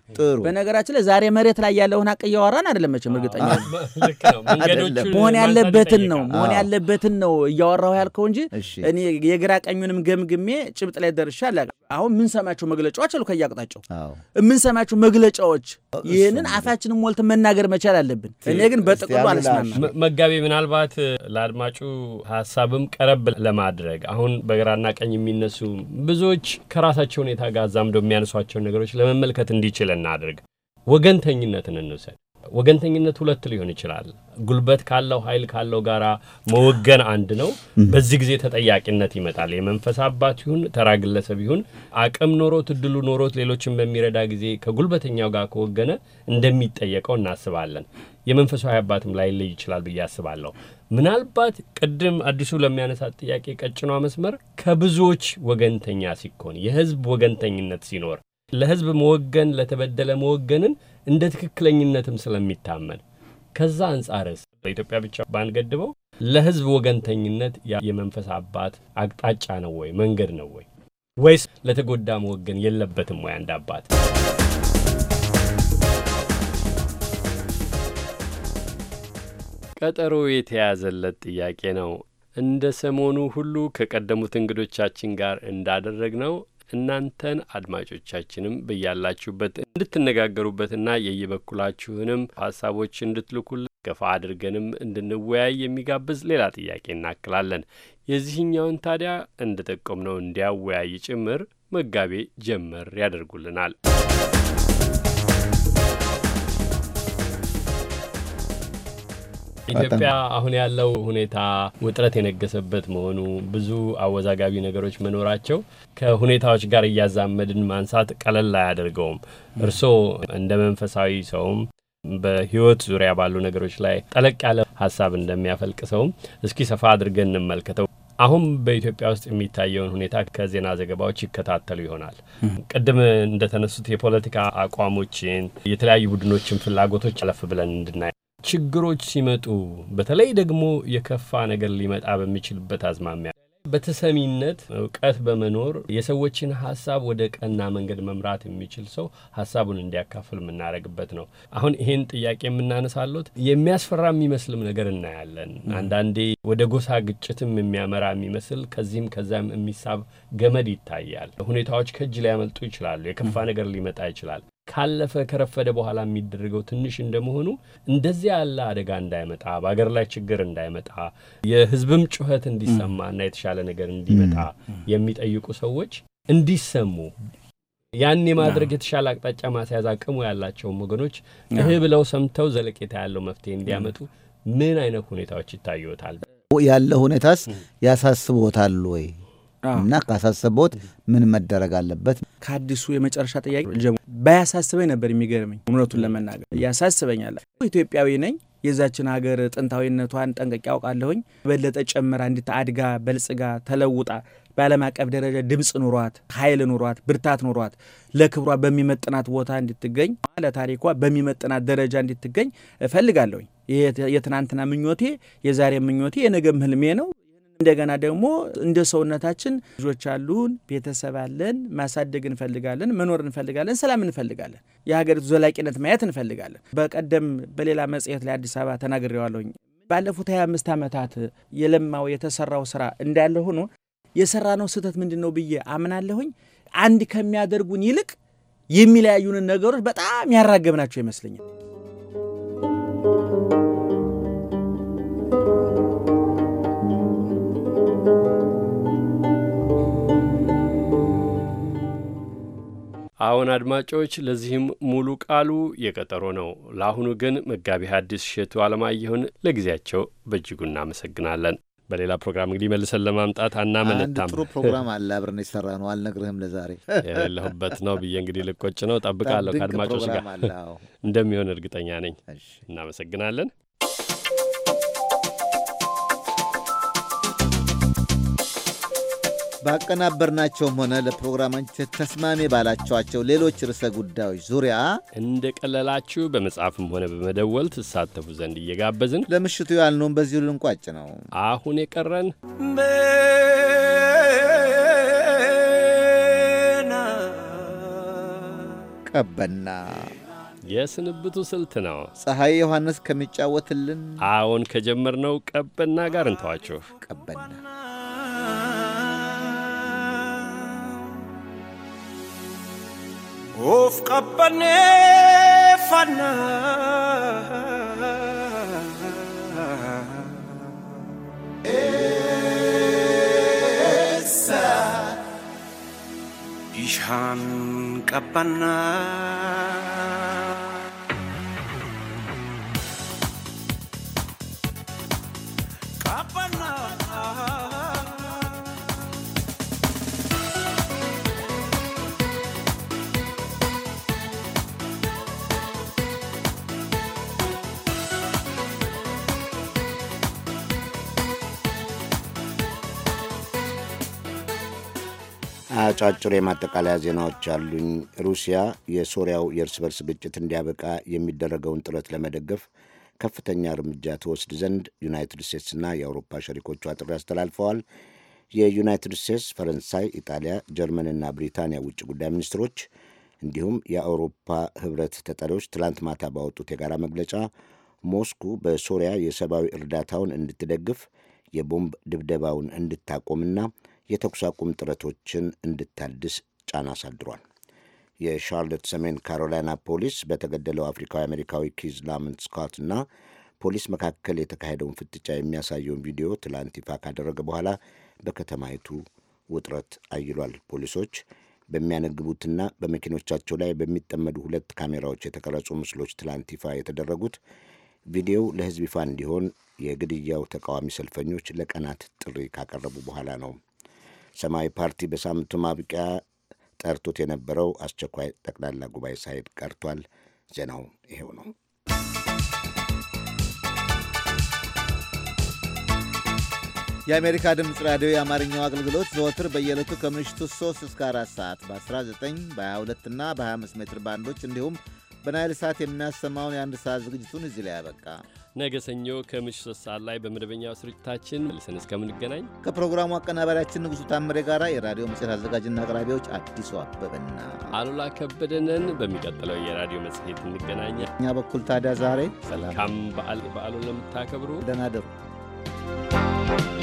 በነገራችን ላይ ዛሬ መሬት ላይ ያለውን ሀቅ እያወራን አይደለም መቼም፣ እርግጠኛ መሆን ያለበትን ነው መሆን ያለበትን ነው እያወራሁ ያልከው እንጂ እኔ የግራ ቀኙንም ገምግሜ ጭብጥ ላይ ደርሻ አላ አሁን የምንሰማቸው መግለጫዎች አሉ፣ ከያቅጣጫው የምንሰማቸው መግለጫዎች ይህንን አፋችንም ሞልተን መናገር መቻል አለብን። እኔ ግን በጥቅሉ አልስማማ። መጋቢ ምናልባት ለአድማጩ ሀሳብም ቀረብ ለማድረግ አሁን በግራና ቀኝ የሚነሱ ብዙዎች ከራሳቸው ሁኔታ ጋር ዛምዶ የሚያነሷቸውን ነገሮች ለመመልከት እንዲችል እናድርግ። ወገንተኝነትን እንውሰድ። ወገንተኝነት ሁለት ሊሆን ይችላል። ጉልበት ካለው ኃይል ካለው ጋር መወገን አንድ ነው። በዚህ ጊዜ ተጠያቂነት ይመጣል። የመንፈስ አባት ይሁን ተራ ግለሰብ ይሁን አቅም ኖሮት እድሉ ኖሮት ሌሎችን በሚረዳ ጊዜ ከጉልበተኛው ጋር ከወገነ እንደሚጠየቀው እናስባለን። የመንፈሳዊ አባትም ላይ ልይ ይችላል ብዬ አስባለሁ። ምናልባት ቅድም አዲሱ ለሚያነሳት ጥያቄ ቀጭኗ መስመር ከብዙዎች ወገንተኛ ሲኮን የህዝብ ወገንተኝነት ሲኖር ለህዝብ መወገን ለተበደለ መወገንን እንደ ትክክለኝነትም ስለሚታመን ከዛ አንጻርስ በኢትዮጵያ ብቻ ባንገድበው ለህዝብ ወገንተኝነት የመንፈስ አባት አቅጣጫ ነው ወይ መንገድ ነው ወይ ወይስ ለተጎዳ መወገን የለበትም ወይ አንድ አባት ቀጠሮ የተያዘለት ጥያቄ ነው። እንደ ሰሞኑ ሁሉ ከቀደሙት እንግዶቻችን ጋር እንዳደረግ ነው እናንተን አድማጮቻችንም በያላችሁበት እንድትነጋገሩበትና የየበኩላችሁንም ሀሳቦች እንድትልኩል ገፋ አድርገንም እንድንወያይ የሚጋብዝ ሌላ ጥያቄ እናክላለን። የዚህኛውን ታዲያ እንደ ነው እንዲያወያይ ጭምር መጋቤ ጀመር ያደርጉልናል። ኢትዮጵያ አሁን ያለው ሁኔታ ውጥረት የነገሰበት መሆኑ ብዙ አወዛጋቢ ነገሮች መኖራቸው ከሁኔታዎች ጋር እያዛመድን ማንሳት ቀለል አያደርገውም። እርስዎ እንደ መንፈሳዊ ሰውም በሕይወት ዙሪያ ባሉ ነገሮች ላይ ጠለቅ ያለ ሀሳብ እንደሚያፈልቅ ሰውም እስኪ ሰፋ አድርገን እንመልከተው። አሁን በኢትዮጵያ ውስጥ የሚታየውን ሁኔታ ከዜና ዘገባዎች ይከታተሉ ይሆናል። ቅድም እንደተነሱት የፖለቲካ አቋሞችን፣ የተለያዩ ቡድኖችን ፍላጎቶች አለፍ ብለን እንድናይ ችግሮች ሲመጡ በተለይ ደግሞ የከፋ ነገር ሊመጣ በሚችልበት አዝማሚያ በተሰሚነት እውቀት በመኖር የሰዎችን ሀሳብ ወደ ቀና መንገድ መምራት የሚችል ሰው ሀሳቡን እንዲያካፍል የምናደርግበት ነው። አሁን ይሄን ጥያቄ የምናነሳለት የሚያስፈራ የሚመስልም ነገር እናያለን። አንዳንዴ ወደ ጎሳ ግጭትም የሚያመራ የሚመስል ከዚህም ከዚያም የሚሳብ ገመድ ይታያል። ሁኔታዎች ከእጅ ሊያመልጡ ይችላሉ። የከፋ ነገር ሊመጣ ይችላል። ካለፈ ከረፈደ በኋላ የሚደረገው ትንሽ እንደመሆኑ እንደዚያ ያለ አደጋ እንዳይመጣ በአገር ላይ ችግር እንዳይመጣ የህዝብም ጩኸት እንዲሰማ እና የተሻለ ነገር እንዲመጣ የሚጠይቁ ሰዎች እንዲሰሙ ያን የማድረግ የተሻለ አቅጣጫ ማስያዝ አቅሙ ያላቸውም ወገኖች እህ ብለው ሰምተው ዘለቄታ ያለው መፍትሄ እንዲያመጡ ምን አይነት ሁኔታዎች ይታዩታል? ያለ ሁኔታስ ያሳስቦታል ወይ? እና ካሳሰበት ምን መደረግ አለበት? ከአዲሱ የመጨረሻ ጥያቄ ባያሳስበኝ ነበር የሚገርመኝ፣ እውነቱን ለመናገር ያሳስበኛል። ኢትዮጵያዊ ነኝ። የዛችን ሀገር ጥንታዊነቷን ጠንቀቅ ያውቃለሁኝ። በለጠ ጨምራ እንዲት አድጋ በልጽጋ ተለውጣ በዓለም አቀፍ ደረጃ ድምፅ ኑሯት ኃይል ኑሯት ብርታት ኑሯት ለክብሯ በሚመጥናት ቦታ እንድትገኝ ለታሪኳ በሚመጥናት ደረጃ እንድትገኝ እፈልጋለሁኝ። የትናንትና ምኞቴ የዛሬ ምኞቴ የነገም ህልሜ ነው። እንደገና ደግሞ እንደ ሰውነታችን ልጆች አሉን፣ ቤተሰብ አለን፣ ማሳደግ እንፈልጋለን፣ መኖር እንፈልጋለን፣ ሰላም እንፈልጋለን፣ የሀገሪቱ ዘላቂነት ማየት እንፈልጋለን። በቀደም በሌላ መጽሔት ላይ አዲስ አበባ ተናግሬዋለሁኝ። ባለፉት 25 ዓመታት የለማው የተሰራው ስራ እንዳለ ሆኖ የሰራ ነው ስህተት ምንድን ነው ብዬ አምናለሁኝ። አንድ ከሚያደርጉን ይልቅ የሚለያዩንን ነገሮች በጣም ያራገብናቸው ይመስለኛል። አሁን አድማጮች፣ ለዚህም ሙሉ ቃሉ የቀጠሮ ነው። ለአሁኑ ግን መጋቢ ሐዲስ እሸቱ አለማየሁን ለጊዜያቸው በእጅጉ እናመሰግናለን። በሌላ ፕሮግራም እንግዲህ መልሰን ለማምጣት አናመነታም። ጥሩ ፕሮግራም አለ አብረን የሰራ ነው። አልነግርህም ለዛሬ የሌለሁበት ነው ብዬ እንግዲህ ልቆጭ ነው። ጠብቃለሁ ከአድማጮች ጋር እንደሚሆን እርግጠኛ ነኝ። እናመሰግናለን። ባቀናበርናቸውም ሆነ ለፕሮግራማችን ተስማሜ ባላቸዋቸው ሌሎች ርዕሰ ጉዳዮች ዙሪያ እንደ ቀለላችሁ በመጻፍም ሆነ በመደወል ትሳተፉ ዘንድ እየጋበዝን ለምሽቱ ያልነውን በዚሁ ልንቋጭ ነው። አሁን የቀረን ቀበና የስንብቱ ስልት ነው። ፀሐይ ዮሐንስ ከሚጫወትልን አዎን፣ ከጀመርነው ቀበና ጋር እንተዋችሁ። ቀበና of qabanefana esa ishan kapana. አጫጭር የማጠቃለያ ዜናዎች አሉኝ። ሩሲያ የሶሪያው የእርስ በርስ ግጭት እንዲያበቃ የሚደረገውን ጥረት ለመደገፍ ከፍተኛ እርምጃ ትወስድ ዘንድ ዩናይትድ ስቴትስና የአውሮፓ ሸሪኮቿ ጥሪ አስተላልፈዋል። የዩናይትድ ስቴትስ፣ ፈረንሳይ፣ ኢጣሊያ፣ ጀርመንና ብሪታንያ ውጭ ጉዳይ ሚኒስትሮች እንዲሁም የአውሮፓ ህብረት ተጠሪዎች ትላንት ማታ ባወጡት የጋራ መግለጫ ሞስኩ በሶሪያ የሰብአዊ እርዳታውን እንድትደግፍ የቦምብ ድብደባውን እንድታቆምና የተኩስ አቁም ጥረቶችን እንድታድስ ጫና አሳድሯል። የሻርሎት ሰሜን ካሮላይና ፖሊስ በተገደለው አፍሪካዊ አሜሪካዊ ኪዝ ላመንት ስኮት እና ፖሊስ መካከል የተካሄደውን ፍጥጫ የሚያሳየውን ቪዲዮ ትላንት ይፋ ካደረገ በኋላ በከተማይቱ ውጥረት አይሏል። ፖሊሶች በሚያነግቡትና በመኪኖቻቸው ላይ በሚጠመዱ ሁለት ካሜራዎች የተቀረጹ ምስሎች ትላንት ይፋ የተደረጉት ቪዲዮው ለሕዝብ ይፋ እንዲሆን የግድያው ተቃዋሚ ሰልፈኞች ለቀናት ጥሪ ካቀረቡ በኋላ ነው። ሰማያዊ ፓርቲ በሳምንቱ ማብቂያ ጠርቶት የነበረው አስቸኳይ ጠቅላላ ጉባኤ ሳይድ ቀርቷል። ዜናው ይሄው ነው። የአሜሪካ ድምፅ ራዲዮ የአማርኛው አገልግሎት ዘወትር በየዕለቱ ከምሽቱ 3 እስከ 4 ሰዓት በ19 በ22 እና በ25 ሜትር ባንዶች እንዲሁም በናይል ሰዓት የሚያሰማውን የአንድ ሰዓት ዝግጅቱን እዚህ ላይ ያበቃ። ነገ ሰኞ ከምሽቱ ሶስት ሰዓት ላይ በመደበኛው ስርጭታችን መልሰን እስከምንገናኝ ከፕሮግራሙ አቀናባሪያችን ንጉሱ ታምሬ ጋራ የራዲዮ መጽሔት አዘጋጅና አቅራቢዎች አዲሱ አበበና አሉላ ከበደንን በሚቀጥለው የራዲዮ መጽሔት እንገናኛ። እኛ በኩል ታዲያ ዛሬ ሰላም በዓል በዓሉን ለምታከብሩ ደናደሩ Thank you.